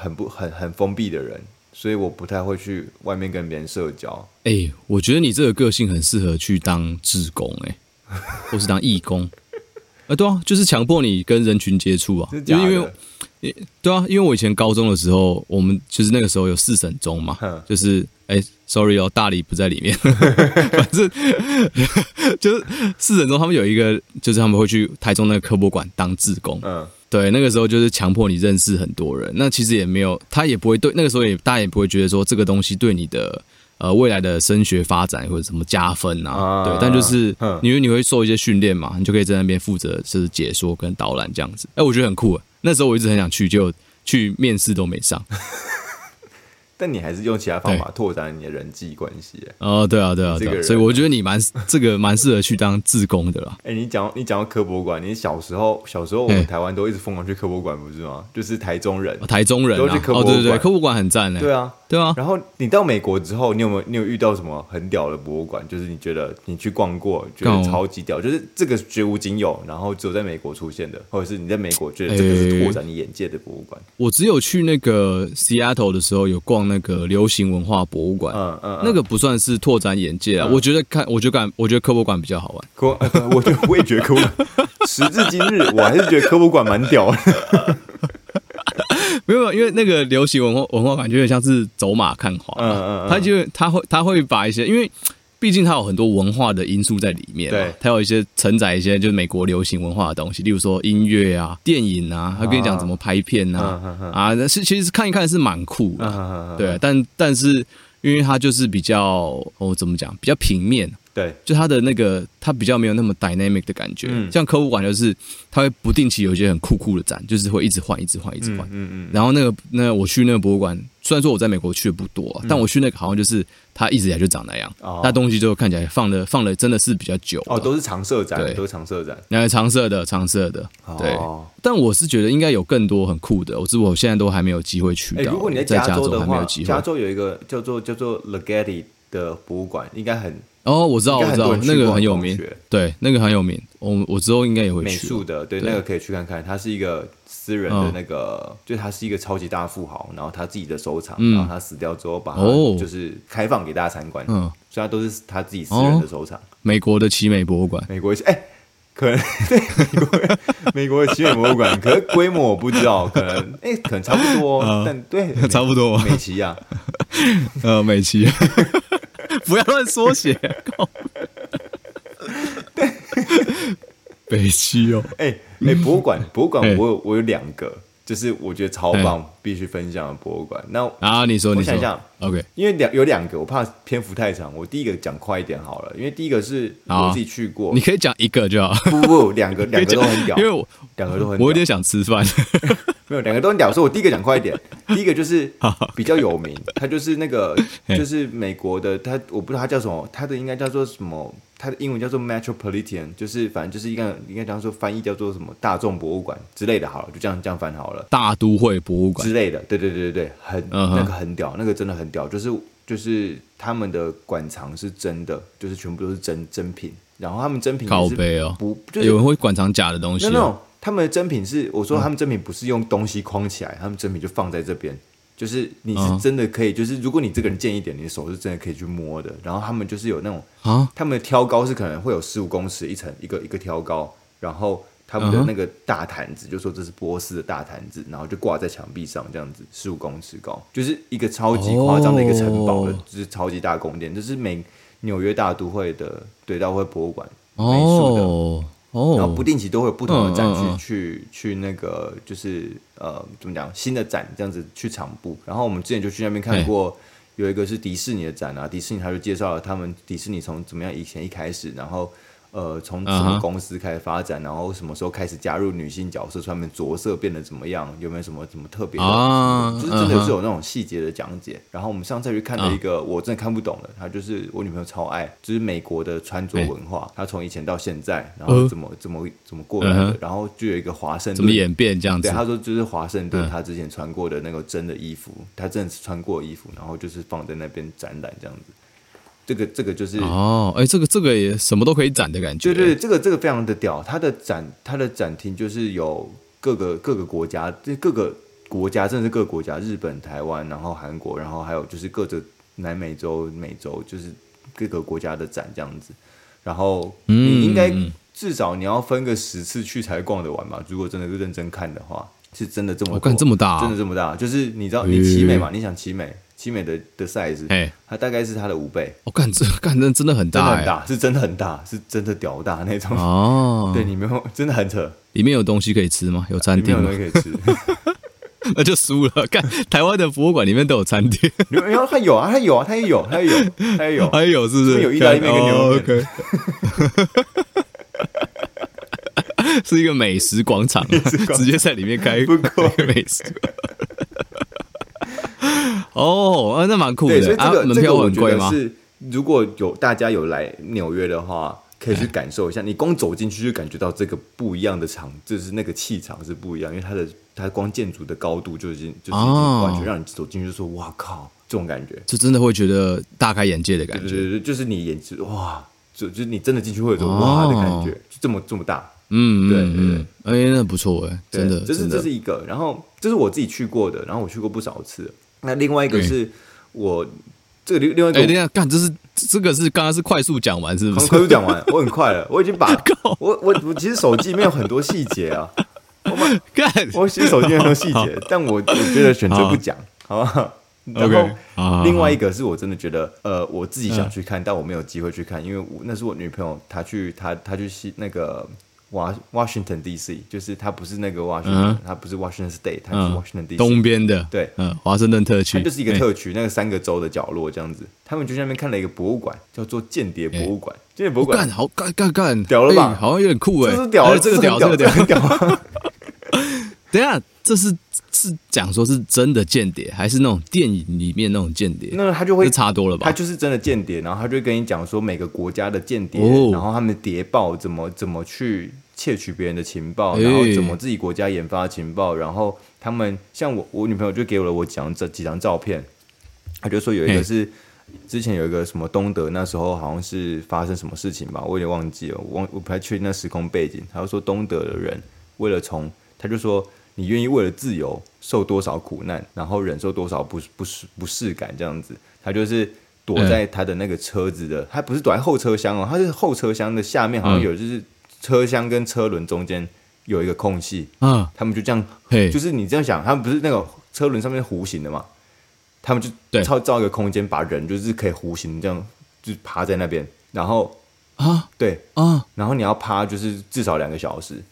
很不很很封閉的人，所以我不太會去外面跟別人社交。哎、欸，我覺得你這個個性很適合去當志工、欸，誒，或是當義工。啊，對啊，就是強迫你跟人群接觸啊，就是因為，對啊，因為我以前高中的時候，我們就是那個時候有四省中嘛，呵就是。哎，sorry 哦，大理不在裡面。 反正 就是四人中，他們有一個就是他們會去台中那個科博館當志工。嗯，uh. 對，那個時候就是強迫你認識很多人。那其實也沒有，他也不會對那個時候也大家也不會覺得說這個東西對你的呃未來的升學發展或者什麼加分啊。Uh. 對，但就是因為你會受一些訓練嘛，你就可以在那邊負責就是解說跟導覽這樣子。哎，我覺得很酷啊。那時候我一直很想去，就去面試都沒上。 但你還是用其他方法對拓展你的人際關係哦，oh, 對啊，對啊，對啊，所以我覺得你蠻 這個蠻適合去當志工的啦。哎、欸，你講你講到科博館，你小時候小時候我們台灣都一直瘋狂去科博館，不是嗎？就是台中人，哦、台中人、啊、都去科博館、哦，對對對，科博館很讚呢。對啊，對啊嗎。然後你到美國之後，你有沒有你有遇到什麼很屌的博物館？就是你覺得你去逛過，我覺得超級屌，就是這個絕無僅有，然後只有在美國出現的，或者是你在美國覺得這個是拓展你眼界的博物館？欸欸欸、我只有去那個 Seattle 的時候有逛。那個流行文化博物館，嗯嗯、那個不算是拓展眼界啊、嗯。我覺得看，我覺得我覺得科博館比較好玩。科，呃，我覺得我也覺得科博館。 時至今日，我還是覺得科博館蠻屌的。 沒有，因為那個流行文化文化感覺有點像是走馬看花。嗯嗯，他就他會他會把一些因為。畢竟它有很多文化的因素在裡面，對，它有一些承載一些就是美國流行文化的東西，例如說音樂啊、電影啊，他跟你講怎麼拍片啊，啊，是其實看一看是蠻酷的，對、啊，但但是因為它就是比較哦，怎麼講，比較平面。對，就它的那個，它比較沒有那麼 dynamic 的感覺。嗯、像博物館就是，它會不定期有一些很酷酷的展，就是會一直換、一直換、一直換。嗯嗯。嗯嗯，然後那個，那個、我去那個博物館，雖然說我在美國去的不多、啊，嗯、但我去那個好像就是它一直以來就長那樣。那、哦、東西就看起來放的放的真的是比較久。哦，都是常設展，都是常設展。那對常，常設的，常設的。對。哦、但我是覺得應該有更多很酷的，我只不過現在都還沒有機會去到。到、欸。如果你在加州，在加州還沒有機會，加州有一個叫做叫做 Leggett 的博物館應該很哦，我知道，我知道那個很有名，對，那個很有名。我我之後應該也會去。美術的，對，那個可以去看看。他是一個私人的那個，就他是一個超級大富豪，然後他自己的收藏，然後他死掉之後把哦，就是開放給大家參觀。嗯，所以他都是他自己私人的收藏。美國的奇美博物館，美國哎，可能對，美國的奇美博物館，可是規模我不知道，可能哎，可能差不多，但對，差不多，美奇呀，呃，美奇。不要亂縮寫，對，悲催哦。哎，那博物館，博物館，我有、哎、我有兩個，就是我覺得超棒，哎、必須分享的博物館。那啊，你說，你說，我想想，你說，OK，因為兩有兩個，我怕篇幅太長，我第一個講快一點好了。因為第一個是我自己去過，啊、你可以講一個就好。不不不，兩個兩個都很屌，因為我兩個都很，我有點想吃飯。 沒有，兩個都很屌。所以我第一個講快一點。 第一個就是比較有名，Okay. 他就是那個， 就是美國的，他我不知道他叫什麼，他的應該叫做什麼，他的英文叫做 Metropolitan，就是反正就是一個應該這樣說，翻譯叫做什麼大眾博物館之類的，好了，就這樣這樣翻好了，大都會博物館之類的。對對對對對，很、uh huh. 那個很屌，那個真的很屌，就是就是他們的館藏是真的，就是全部都是真真品，然後他們真品是。靠北哦，不、就是，有人會館藏假的東西。No, no, 他們的真品是我說，他們真品不是用東西框起來，他們真品就放在這邊，就是你是真的可以，就是如果你這個人賤一點，你的手是真的可以去摸的。然後他們就是有那種，他們的挑高是可能會有十五公尺一層一個一個挑高，然後他們的那個大毯子，就說這是波斯的大毯子，然後就掛在牆壁上這樣子，十五公尺高，就是一個超級誇張的一個城堡了，就是超級大宮殿，就是每紐約大都會的，對大都會博物館美術的。然後不定期都會有不同的展區，嗯嗯嗯、去去那個就是呃怎麼講新的展這樣子去場佈，然後我們之前就去那邊看過，嘿有一個是迪士尼的展啊，迪士尼他就介紹了他們迪士尼從怎麼樣以前一開始，然後。呃，從什麼公司開始發展，uh huh. 然後什麼時候開始加入女性角色，穿面着色變得怎麼樣？有沒有什麼什麼特別的？Uh huh. 就是真的是有那種細節的講解。Uh huh. 然後我們上次去看了一個，uh huh. 我真的看不懂的，他就是我女朋友超愛，就是美國的穿着文化。他、uh huh. 從以前到現在，然後怎麼怎麼、uh huh. 怎麼過來的？然後就有一個華盛頓怎麼演變這樣子。對，他說就是華盛頓，他、uh huh. 之前穿過的那個真的衣服，他真的是穿過衣服，然後就是放在那邊展覽這樣子。這個這個就是哦，哎，這個這個也什麼都可以展的感覺。對，對對，這個這個非常的屌，它的展它的展廳就是有各個各個國家，這各個國家，甚至各個國家，日本、台灣，然後韓國，然後還有就是各個南美洲、美洲，就是各個國家的展這樣子。然後你應該至少你要分個十次去才逛得完嘛，如果真的是認真看的話，是真的這麼大。哦、幹這麼大、啊，真的這麼大，就是你知道你奇美嘛？嗯、你想奇美？奇美的的 size，哎，它大概是它的五倍。哦，幹這幹這真的很大，很大，是真的很大，是真的屌大那種。哦，對，裡面真的很扯。裡面有東西可以吃嗎？有餐廳可以吃，那就輸了。看台灣的博物館裡面都有餐廳，然後它有啊，它有啊，它也有，它也有，它也有，它也有，是不是？有意大利麵？OK，是一個美食廣場，直接在裡面開一個美食。哦，那蠻酷的對。所以這個、啊、門票很貴嗎？這個，我覺得是如果有大家有來紐約的話，可以去感受一下。唉你光走進去就感覺到這個不一樣的場，就是那個氣場是不一樣。因為它的它光建築的高度就已、是、經就是、完全、哦、讓你走進去就說“哇靠”這種感覺，就真的會覺得大開眼界的感覺。就是、就是你眼睛哇，就就是、你真的進去會有種哇的感覺，就這麼這麼大。嗯，對對，對對。哎、欸，那不錯哎、欸，真的，對真的這是這是一個。然後這是我自己去過的，然後我去過不少次。那另外一個是我這個另、另外一個，等下幹，這是這個是剛剛是快速講完，是不是？快速講完，我很快了，我已經把，我我我其實手機裡面有很多細節啊，我我其實手機很多細節，但我我覺得選擇不講，好吧？OK，啊，另外一個是我真的覺得，呃，我自己想去看，但我沒有機會去看，因為那是我女朋友她去，她她去西那個。Washington D C 就是它不是那個 Washington，它不是 Washington State，它是 Washington D C 東邊的，對，嗯，華盛頓特區就是一個特區，那個三個州的角落這樣子。他們就在那邊看了一個博物館，叫做間諜博物館。間諜博物館，好干干干，屌了吧？好像有點酷誒。這是屌，這個屌，這個屌，很屌。等下。這是是講說是真的間諜，還是那種電影裡面那種間諜？那他就會差多了吧？他就是真的間諜，然後他就跟你講說每個國家的間諜，哦、然後他們諜報怎麼怎麼去竊取別人的情報，哎、然後怎麼自己國家研發情報，然後他們像我我女朋友就給了我講這幾張照片，他就說有一個是嘿之前有一個什麼東德那時候好像是發生什麼事情吧，我有點忘記了，我我不太確定那時空背景。他就說東德的人為了從，他就說。你願意為了自由受多少苦難，然後忍受多少不不適不適感？這樣子，他就是躲在他的那個車子的，嗯、他不是躲在後車廂哦，他是後車廂的下面，好像有就是車廂跟車輪中間有一個空隙。嗯，他們就這樣，嗯、就是你這樣想，他們不是那個車輪上面弧形的嘛？他們就造造一個空間，把人就是可以弧形這樣就趴在那邊，然後啊，嗯、對啊，然後你要趴就是至少兩個小時。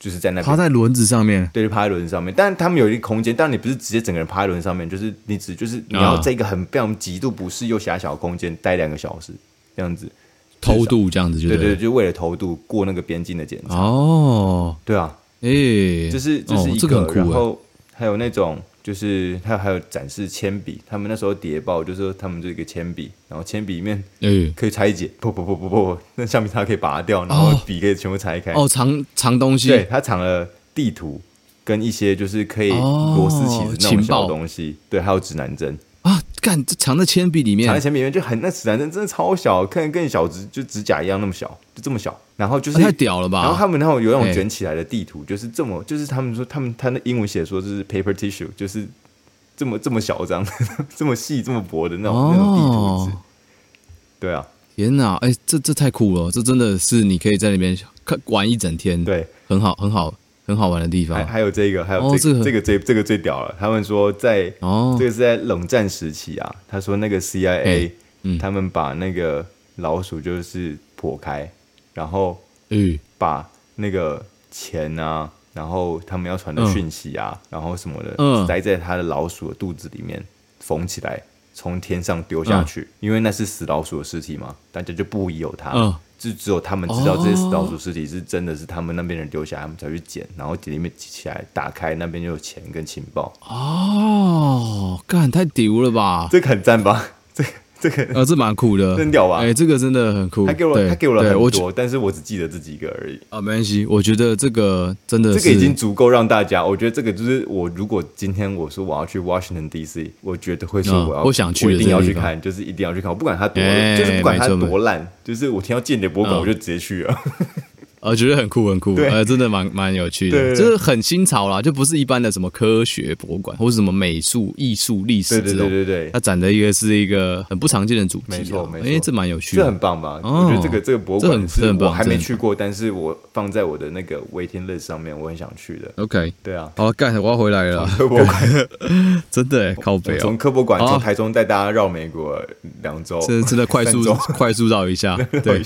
就是在那趴在輪子上面，對，就趴在輪子上面。但是他們有一個空間，但你不是直接整個人趴在輪子上面，就是你只就是你要在一個很非常極度不適又狹小的空間待兩個小時，這樣子偷渡，這樣子就對，就對，對對，就為了偷渡過那個邊境的檢查。哦，對啊，哎，欸，就是這是一個，哦，這個很酷，然後還有那種。就是他還有展示鉛筆，他們那時候諜報就是說他們這個鉛筆，然後鉛筆裡面，嗯，可以拆解，哎、呦擦不擦不不不不那橡皮擦可以拔掉，哦、然後筆可以全部拆開。哦，藏藏東西，對，他藏了地圖跟一些就是可以螺絲起子的那種小東西，哦、對，還有指南針啊，幹，這藏在鉛筆裡面，藏在鉛筆裡面就很那指南針真的超小，看跟小指就指甲一樣那麼小，就這麼小。然後就是、啊、太屌了吧！然後他們那種有那種捲起來的地圖，嘿就是這麼，就是他們說他們他那英文寫說就是 paper tissue，就是這麼這麼小張，呵呵這麼細這麼薄的那種、哦、那種地圖紙。對啊，天哪！哎、欸，這這太酷了，這真的是你可以在那邊玩一整天，對，很，很好很好很好玩的地方。還有這個，還有這、哦這個這個最這個最屌了。他們說在哦，這個是在冷戰時期啊。他說那個 CIA、嗯、他們把那個老鼠就是剖開。然後，嗯，把那個錢啊，然後他們要傳的訊息啊，嗯、然後什麼的，嗯，塞在,在他的老鼠的肚子裡面，縫起來，從天上丟下去，嗯、因為那是死老鼠的屍體嘛，大家就不疑有他，嗯、就只有他們知道這些死老鼠屍體是真的是他們那邊人丟下來，他們才去撿，然後裡面擠起來，打開那邊就有錢跟情報。哦，幹，太屌了吧？這個很讚吧？這個。這個啊，這蠻酷的，真屌吧。哎，這個真的很酷，他給我，他給我了很多，但是我只記得這幾個而已啊，沒關係，我覺得這個真的，這個已經足夠讓大家，我覺得這個就是我，如果今天我說我要去 Washington DC，我覺得會說我要，我想去，我一定要去看，就是一定要去看，我不管它多，就是不管它多爛，就是我聽到間諜博物館我就直接去了。呃，覺得很酷，很酷，呃，真的蠻蠻有趣的，就是很新潮啦，就不是一般的什麼科學博物館或是什麼美術、藝術、歷史這種，對對對對，它展的一個是一個很不常見的主題，沒錯沒錯，誒，這蠻有趣的，這很棒吧。我覺得這個這個博物館是很棒，我還沒去過，但是我放在我的那個 waiting list 上面，我很想去的。OK，對啊，好，幹，我要回來了，科博館，真的，靠北，從科博館從台中帶大家繞美國兩週，這真的快速快速繞一下，對，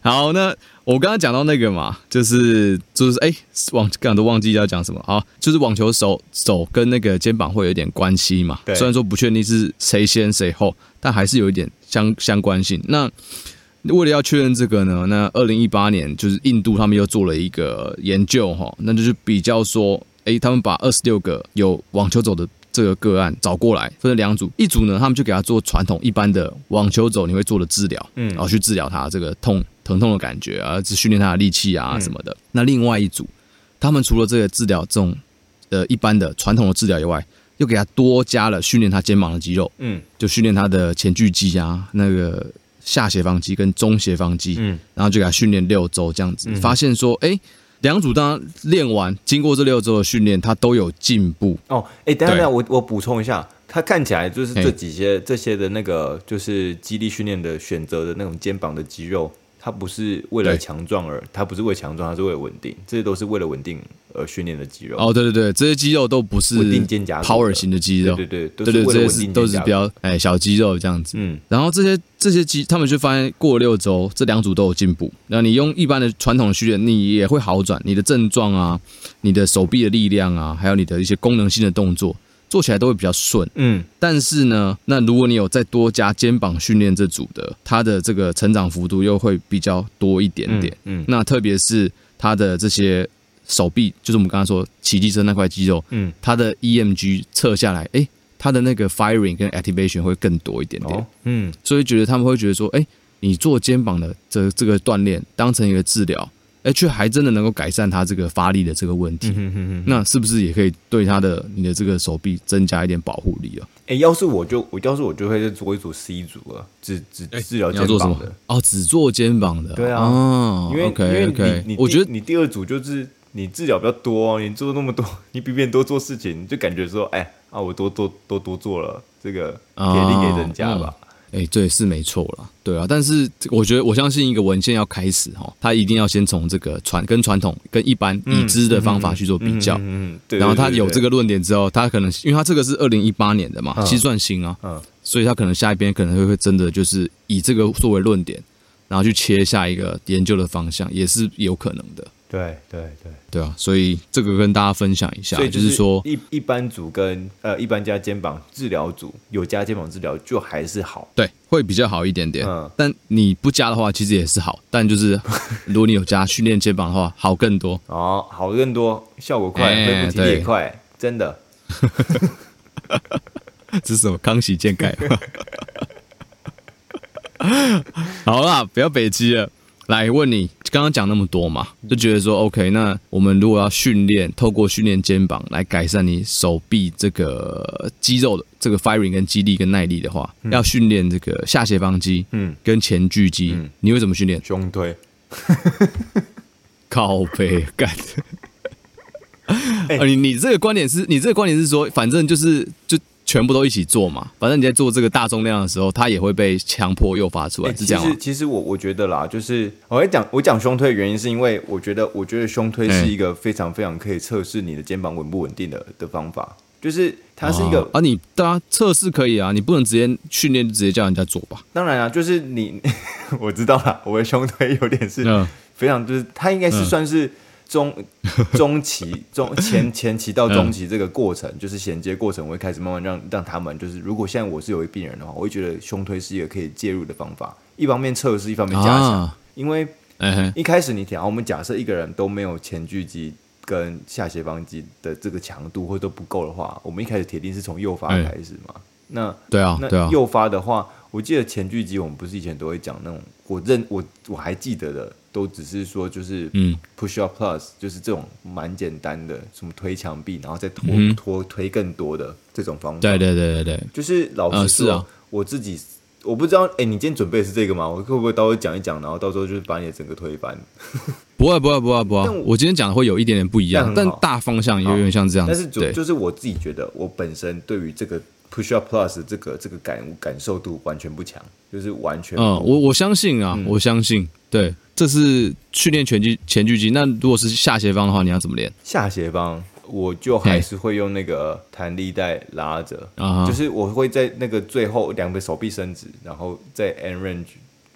好，那。我剛才講到那個嘛，就是就是哎，忘剛才都忘記要講什麼啊，就是網球手手跟那個肩膀會有一點關係嘛。對，雖然說不確定是誰先誰後，但還是有一點相相關性。那為了要確認這個呢，那二零一八年就是印度他們又做了一個研究哈，那就是比較說，哎、欸，他們把二十六個有網球肘的。這個個案找過來，分成兩組，一組呢，他們就給他做傳統一般的網球肘你會做的治療，嗯，然後、啊、去治療他這個痛疼痛的感覺，啊，只訓練他的力氣啊啊什麼的。嗯、那另外一組，他們除了這個治療這種呃一般的傳統的治療以外，又給他多加了訓練他肩膀的肌肉，嗯，就訓練他的前鋸肌啊，那個下斜方肌跟中斜方肌，嗯，然後就給他訓練六週這樣子，嗯、發現說，誒。兩組，當他練完，經過這六周的訓練，他都有進步哦。誒，等下，對等下，我我補充一下，他看起來就是這幾些嘿這些的那個，就是肌力訓練的選擇的那種肩膀的肌肉。它不是為了強壯而，對它不是為了強壯，它是為了穩定，這些都是為了穩定而訓練的肌肉。哦，對對對，這些肌肉都不是穩定肩胛 power 型的肌肉肌的，對對對，都是為了穩定肩胛肌的對對對，這些是，都是比較哎、欸、小肌肉這樣子。嗯，然後這些這些肌，他們就發現過六周，這兩組都有進步。那你用一般的傳統訓練，你也會好轉，你的症狀啊，你的手臂的力量啊，還有你的一些功能性的動作。做起來都會比較順，嗯，但是呢，那如果你有再多加肩膀訓練這組的，它的這個成長幅度又會比較多一點點，嗯，嗯，那特別是它的這些手臂，就是我們剛剛說騎機車那塊肌肉，嗯，它的 EMG 測下來，誒、欸，它的那個 firing 跟 activation 會更多一點點，哦、嗯，所以覺得他們會覺得說，誒、欸，你做肩膀的這這個鍛鍊當成一個治療。而卻還真的能夠改善他這個發力的這個問題，嗯、哼哼哼，那是不是也可以對他的你的這個手臂增加一點保護力啊？哎、欸，要是我就我要是我就會再做一組 C 組了，只只治療肩膀的、欸、哦，只做肩膀的、啊，對啊，哦、因為 okay，因為你 okay. 你，你我覺得你第二組就是你治療比較多，哦，你做那麼多，你比別人多做事情，你就感覺說哎、欸、啊，我多多多多做了這個，給力給人家吧。哦嗯哎、欸，對，是沒錯啦，對啊，但是我覺得，我相信一個文獻要開始哈，他一定要先從這個傳跟傳統跟一般已知的方法去做比較，嗯，嗯，嗯，嗯，嗯，對，對，對，對，然後他有這個論點之後，他可能因為他這個是二零一八年的嘛，計算新啊，嗯嗯、所以他可能下一篇可能會會真的就是以這個作為論點，然後去切下一個研究的方向，也是有可能的。對對對，對，對，對啊，所以這個跟大家分享一下，所以就是，一就是說一一般組跟呃一般加肩膀治療組有加肩膀治療就還是好，對，會比較好一點點。嗯，但你不加的話，其實也是好，但就是 如果你有加訓練肩膀的話，好更多哦，好更多，效果快，恢復也快，真的。這是什麼康熙健改。 好啦，不要北極了。來問你，剛剛講那麼多嘛，就覺得說，OK，那我們如果要訓練，透過訓練肩膀來改善你手臂這個肌肉的這個 firing 跟肌力跟耐力的話，嗯、要訓練這個下斜方肌，跟前鋸肌，你會怎麼訓練？胸推腿， 靠背幹你，欸、你這個觀點是你這個觀點是說，反正就是就。全部都一起做嘛，反正你在做這個大重量的時候，它也會被強迫誘發出來，欸、是這樣子。其實，其實我我覺得啦，就是我講我講胸推的原因，是因為我覺得，我覺得胸推是一個非常非常可以測試你的肩膀穩不穩定的的方法，就是它是一個。哦、啊，你當然測試可以啊，你不能直接訓練，直接叫人家做吧？當然啦、啊，就是你我知道啦，我的胸推有點是非常、嗯、就是，它應該是算是。嗯中中期、中前前期到中期這個過程，嗯、就是銜接過程，我會開始慢慢讓讓他們，就是如果現在我是有一病人的話，我會覺得胸推是一個可以介入的方法，一方面測試，一方面加強。啊、因為一開始你講，我們假設一個人都沒有前鋸肌跟下斜方肌的這個強度或者都不夠的話，我們一開始鐵定是從誘發開始嘛。嗯、那對啊，那誘發的話，我記得前鋸肌我們不是以前都會講那種，我認我我還記得的。都只是說就是嗯，push up plus 就是這種蠻簡單的，什麼推牆壁，然後再拖拖推更多的這種方式。對對對對對，就是老師啊，我自己我不知道哎，你今天準備是這個嗎？我會不會到時候講一講，然後到時候就是把你的整個推翻？不會不會不會不會。但我今天講的會有一點點不一樣，但大方向有點像這樣。但是主就是我自己覺得，我本身對於這個 push up plus 這個這個感感受度完全不強，就是完全嗯，我我相信啊，我相信對。這是訓練前鋸前鋸肌。那如果是下斜方的話，你要怎麼練？下斜方，我就還是會用那個彈力帶拉着，嘿就是我會在那個最後兩個手臂伸直，然後再 end range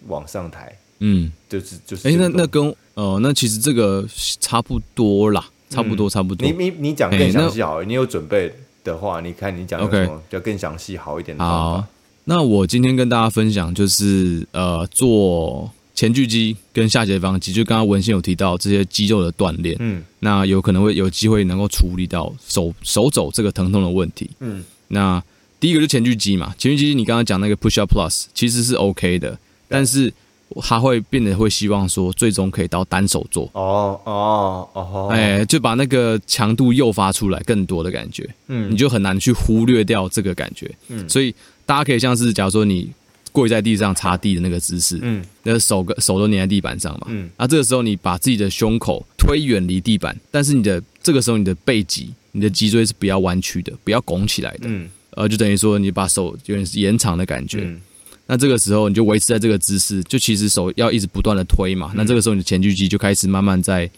往上抬。嗯、就是，就是就是。哎、欸，那那跟哦、呃，那其實這個差不多啦，差不多差不多。嗯、你你你講更詳細好，你有準備的話，你看你講有什麼，就更詳細好一點的。好，那我今天跟大家分享就是呃做。前鋸肌跟下斜方肌，就剛剛文獻有提到這些肌肉的鍛鍊，嗯，那有可能會有機會能夠處理到手手肘這個疼痛的問題，嗯，那第一個就前鋸肌嘛，前鋸肌你剛剛講那個 push up plus 其實是 OK 的，對但是它會變得會希望說最終可以到單手做，哦哦哦，哎，就把那個強度誘發出來更多的感覺，嗯，你就很難去忽略掉這個感覺，嗯，所以大家可以像是假如說你。跪在地上擦地的那個姿勢，嗯，那手跟手都粘在地板上嘛，嗯，那這個時候你把自己的胸口推遠離地板，但是你的這個時候你的背脊、你的脊椎是不要彎曲的，不要拱起來的，嗯，呃，就等於說你把手有點延長的感覺，嗯，那這個時候你就維持在這個姿勢，就其實手要一直不斷的推嘛，嗯，那這個時候你的前鋸肌就開始慢慢在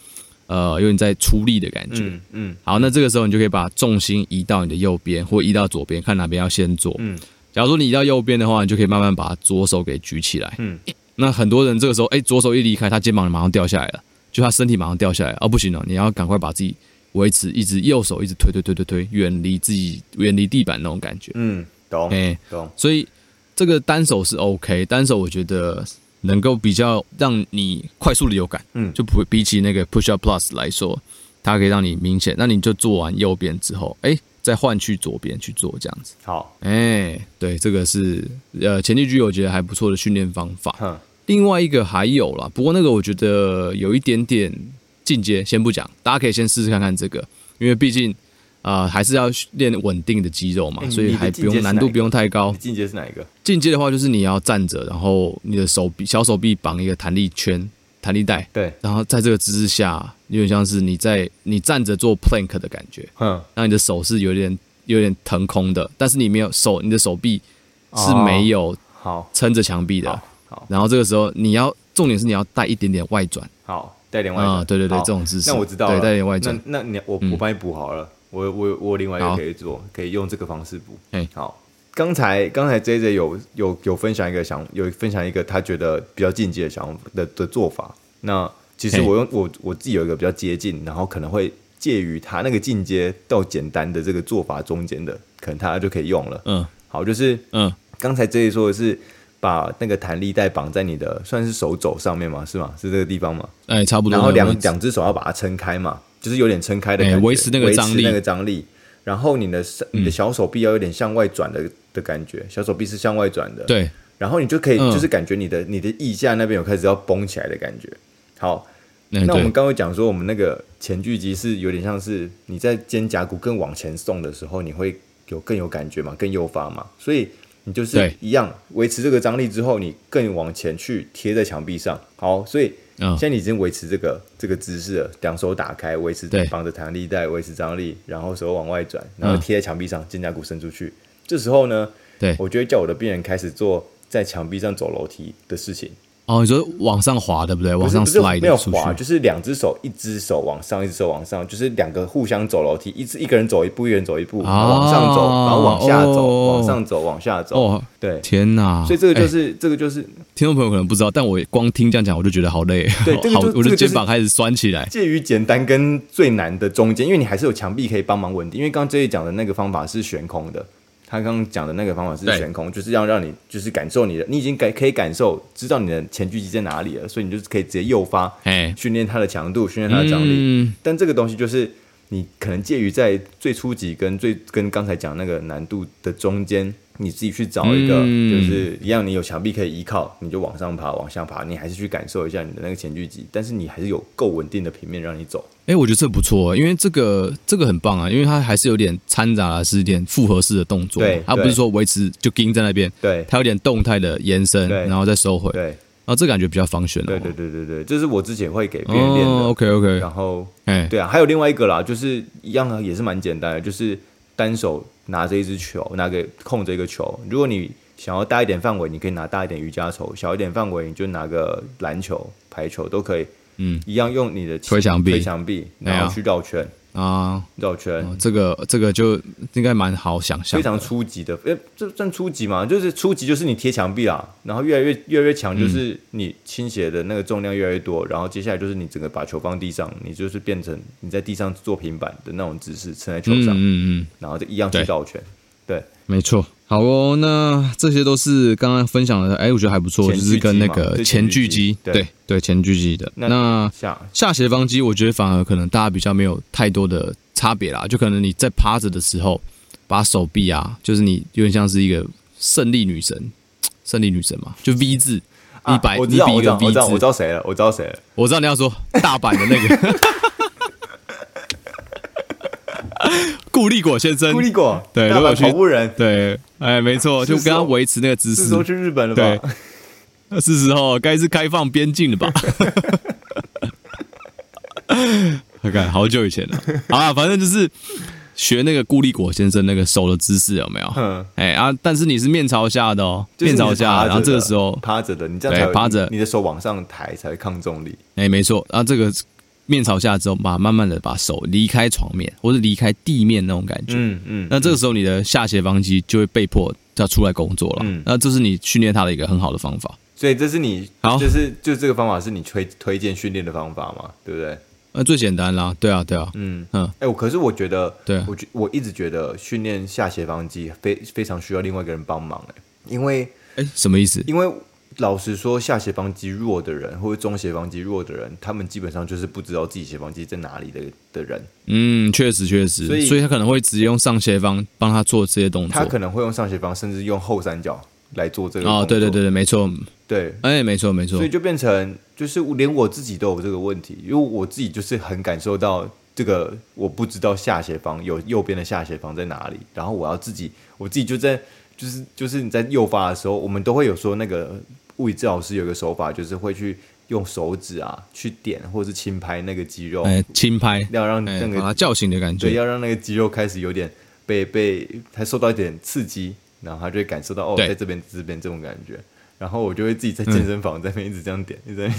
呃有點在出力的感覺，嗯，嗯好，那這個時候你就可以把重心移到你的右邊或移到左邊，看哪邊要先做，嗯。假如說你移到右邊的話，你就可以慢慢把左手給舉起來。嗯，那很多人這個時候，哎，左手一離開，他肩膀馬上掉下來了，就他身體馬上掉下來。哦，不行了，你要趕快把自己維持一直右手一直推推推推推，遠離自己，遠離地板那種感覺。嗯，懂，懂。欸、所以這個單手是 OK，單手我覺得能夠比較讓你快速的有感。嗯，就不比起那個 Push Up Plus 來說，它可以讓你明顯。那你就做完右邊之後、欸，再換去左邊去做這樣子，好，哎、欸，對，這個是呃前鋸肌我覺得還不錯的訓練方法。嗯、另外一個還有啦，不過那個我覺得有一點點進階，先不講，大家可以先試試看看這個，因為畢竟啊、呃、還是要練穩定的肌肉嘛，欸、所以還不用難度不用太高。進階是哪一個？進階的話就是你要站着，然後你的手臂小手臂綁一個彈力圈。彈力帶，對，然後在這個姿勢下，有點像是你在你站着做 plank 的感覺，嗯，那你的手是有點有點騰空的，但是你沒有手，你的手臂是沒有好撐着牆壁的，好，然後這個時候你要重點是你要帶一點點外轉，好，帶點外轉，啊，對對對，這種姿勢，那我知道，對，帶點外轉，那那你我我幫你補好了，我我我另外一個可以做，可以用這個方式補，哎，好。剛才剛才 JJ 有有有分享一個想有分享一個他覺得比較進階的想法的的做法。那其實我用嘿我我自己有一個比較接近，然後可能會介於他那個進階到簡單的這個做法中間的，可能他就可以用了。嗯，好，就是嗯，剛才 JJ 說的是把那個彈力帶綁在你的算是手肘上面嘛，是嗎？是這個地方嘛？哎，差不多。然後兩兩只手要把它撐開嘛，就是有點撐開的感覺，哎、維持那個張力，那個張力。然後你的、嗯、你的小手臂要有點向外轉的。的感覺，小手臂是向外轉的，對，然後你就可以就是感覺你的、嗯、你的腋下那邊有開始要繃起來的感覺。好，嗯、那我們剛剛有講說，我們那個前鋸肌是有點像是你在肩胛骨更往前送的時候，你會有更有感覺嘛，更誘發嘛，所以你就是一樣對維持這個張力之後，你更往前去貼在牆壁上。好，所以現在你已經維持這個、嗯、這個姿勢了，兩手打開維持，對，綁著彈力帶對維持張力，然後手往外轉，然後貼在牆壁上，嗯、肩胛骨伸出去。這時候呢，對我就會叫我的病人開始做在牆壁上走樓梯的事情。哦，你說往上滑對不對？往上 slide，沒有滑，就是兩只手，一只手往上，一只手往上，就是兩個互相走樓梯，一只一個人走一步，一人走一步，往上走，然後往下走，往上走，往下走。哦，對，天哪！所以這個就是這個就是聽眾朋友可能不知道，但我光聽這樣講，我就覺得好累。對，這我的肩膀開始酸起來。介於簡單跟最難的中間，因為你還是有牆壁可以幫忙穩定。因為剛剛這裡講的那個方法是懸空的。他剛剛講的那個方法是懸空，對就是要讓你就是感受你的，你已經感可以感受知道你的前鋸肌在哪裡了，所以你就是可以直接誘發，訓練它的強度，嘿訓練它的張力。嗯，但這個東西就是你可能介於在最初級跟最跟剛才講那個難度的中間。你自己去找一個，嗯、就是一樣，你有牆壁可以依靠，你就往上爬，往下爬，你還是去感受一下你的那個前鋸肌，但是你還是有夠穩定的平面讓你走。哎、欸，我覺得這不錯、啊，因為這個這個很棒啊，因為它還是有點摻雜是一點複合式的動作，對，而、啊、不是說維持就釘在那邊，對，它有點動態的延伸，對然後再收回，對，然後這感覺比較防旋。對對對對對，這、就是我之前會給別人練的、哦、，OK OK，然後，嘿對啊，還有另外一個啦，就是一樣啊，也是蠻簡單的，就是單手。拿着一隻球，拿個控着一個球，如果你想要大一點範圍，你可以拿大一點瑜伽球，小一點範圍，你就拿個籃球、排球都可以。嗯，一樣用你的推牆壁，推牆壁，然後去繞圈。嗯啊啊，繞圈、嗯拳嗯，這個這個就應該蠻好想象的，非常初級的，哎，這算初級嘛？就是初級，就是你貼牆壁啊，然後越來越越來越強，就是你傾斜的那個重量越來越多，嗯、然後接下來就是你整個把球放地上，你就是變成你在地上做平板的那種姿勢，撐在球上，嗯，嗯嗯，然後就一樣去繞圈。對，沒錯。好哦，那這些都是剛剛分享的，哎，我覺得還不錯，就是跟那個前鋸肌，對對前鋸肌的。那下斜方肌，我覺得反而可能大家比較沒有太多的差別啦，就可能你在趴着的時候，把手臂啊，就是你有點像是一個勝利女神，勝利女神嘛，就 V 字，一百，你比一個 V 字，我知道我知道我知道誰了，我知道誰了，我知道你要說大阪的那個。固力果先生，固力果，對，大阪跑步人，對，哎，沒錯，就跟他維持那個姿勢。是時候去日本了吧？是時候該是開放邊境了吧？Okay，好久以前了啊，反正就是學那個固力果先生那個手的姿勢，有沒有？哎啊，但是你是面朝下的哦，面朝下，然後這個時候趴着的，你這樣趴着，你的手往上抬才會抗重力。哎，沒錯，啊，這個。面朝下之後，把慢慢的把手離開床面，或是離開地面那種感覺。嗯嗯。嗯，那這個時候，你的下斜方肌就會被迫要出來工作了。嗯。那這是你訓練它的一個很好的方法。所以這是你好，就是就這個方法是你推推薦訓練的方法嘛？對不對？那、啊、最簡單啦，對啊，對啊。嗯、啊、嗯。哎、嗯，欸，我可是我覺得，對、啊、我覺我一直覺得訓練下斜方肌非非常需要另外一個人幫忙，哎、欸，因為哎、欸、什麼意思？因為。老實說，下斜方肌弱的人，或者中斜方肌弱的人，他們基本上就是不知道自己斜方肌在哪裡的的人。嗯，確實確實。所以，所以他可能會直接用上斜方幫他做這些動作。他可能會用上斜方，甚至用後三角來做這個動作。哦，對對對對，沒錯。對，哎，沒錯沒錯。所以就變成就是連我自己都有這個問題，因為我自己就是很感受到這個，我不知道下斜方有右邊的下斜方在哪裡，然後我要自己，我自己就在就是就是你在誘發的時候，我們都會有說那個。物理治療師有個手法，就是會去用手指啊去點，或者是輕拍那個肌肉。哎、欸，輕拍，要讓那個欸、讓他叫醒的感覺。對，要讓那個肌肉開始有點被被他受到一點刺激，然後他就會感受到哦，對在這邊這邊這種感覺。然後我就會自己在健身房在那邊一直這樣點，一直、嗯、點、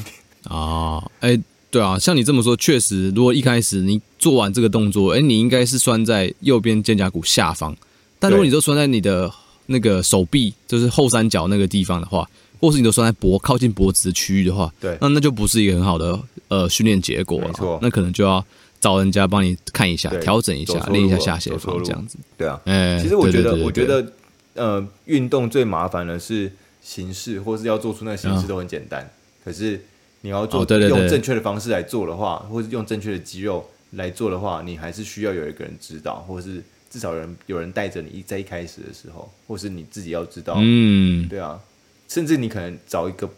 哦。啊，哎，對啊，像你這麼說，確實，如果一開始你做完這個動作，哎、欸，你應該是酸在右邊肩胛骨下方，但如果你說酸在你的那個手臂，就是後三角那個地方的話。或是你都算在脖靠近脖子的區域的話，對，那那就不是一個很好的呃訓練結果了。沒錯，那可能就要找人家幫你看一下，調整一下，練一下下斜方這樣子。對啊，哎,其實我覺得，我覺得呃，運動最麻煩的是形式，或是要做出那形式都很簡單，可是你要做用正確的方式來做的話，或是用正確的肌肉來做的話，你還是需要有一個人指導，或是至少人有人帶着你在一開始的時候，或是你自己要知道。嗯，對啊。甚至你可能找一個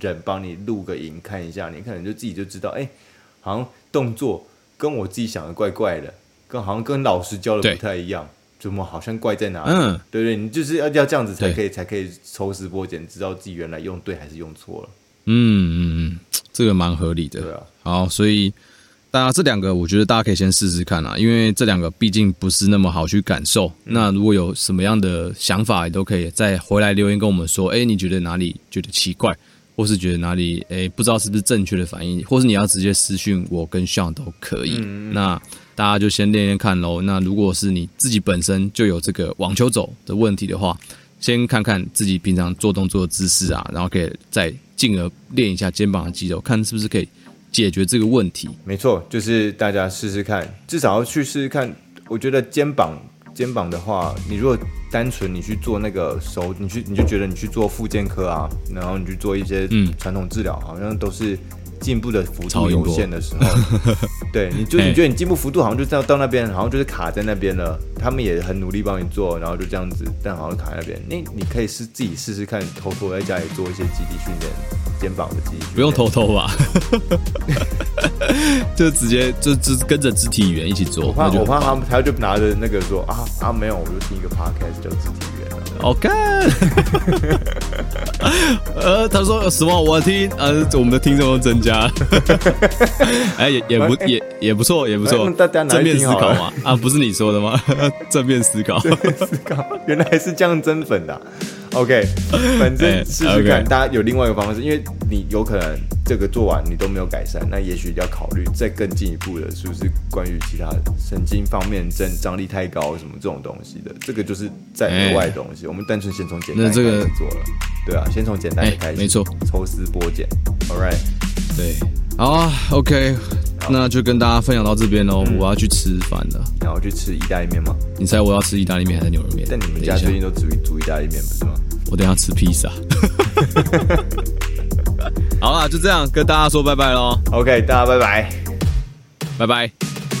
人幫你錄個影看一下，你可能就自己就知道，哎、欸，好像動作跟我自己想的怪怪的，跟好像跟老師教的不太一樣，對怎麼好像怪在哪裡？嗯、對不對？你就是要，要這樣子才可以對才可以抽絲剝繭，知道自己原來用對還是用錯了。嗯嗯嗯，這個蠻合理的。對啊。好，所以。大家這兩個，我覺得大家可以先試試看啦、啊，因為這兩個畢竟不是那麼好去感受。那如果有什麼樣的想法，也都可以再回來留言跟我們說。哎，你覺得哪裡覺得奇怪，或是覺得哪裡哎不知道是不是正確的反應，或是你要直接私訊我跟 Sean 都可以。那大家就先練練看嘍。那如果是你自己本身就有這個網球肘的問題的話，先看看自己平常做動作的姿勢啊，然後可以再進而練一下肩膀的肌肉，看是不是可以。解決這個問題，沒錯，就是大家試試看，至少要去試試看。我覺得肩膀，肩膀的話，你如果單純你去做那個手，你去你就覺得你去做復健科啊，然後你去做一些傳統治療，嗯、好像都是。進步的幅度有限的時候，英 對，你就你覺得你進步幅度好像就到到那邊，好像就是卡在那邊了。他們也很努力幫你做，然後就這樣子，但好像卡在那邊。那、欸、你可以試自己試試看，偷偷在家裡做一些肌體訓練，肩膀的肌體。不用偷偷吧， 就直接就就跟着肢體語言一起做。我怕我怕他們，他就拿着那個說啊啊，啊沒有，我就聽一個 podcast 叫肢體。好看，okay, 呃，他說什麼我聽，呃，我們的聽眾都增加，哎、 欸，也也不也也不錯，也不錯。那面大家拿思考嘛，啊，不是你說的嗎？ 正，面思正面思考，正面思考，原來是這樣增粉的、啊。OK，反正試試看，欸、大家有另外一個方式，欸 okay、因為你有可能這個做完你都沒有改善，那也許要考慮再更進一步的，是不是關於其他神經方面張張力太高什麼這種東西的？這個就是在額外的東西。欸我們單純先從簡單的做了，對啊，先從簡單的開始，沒錯，抽絲剝繭，All right，對，好，OK，啊。那就跟大家分享到這邊嘍，我要去吃飯了，然後去吃意大利麵嗎？你猜我要吃意大利麵還是牛肉麵？但你們家最近都煮意大利麵不是嗎？我等下吃披薩，好啦，就這樣跟大家說拜拜嘍，OK，大家拜拜，拜拜。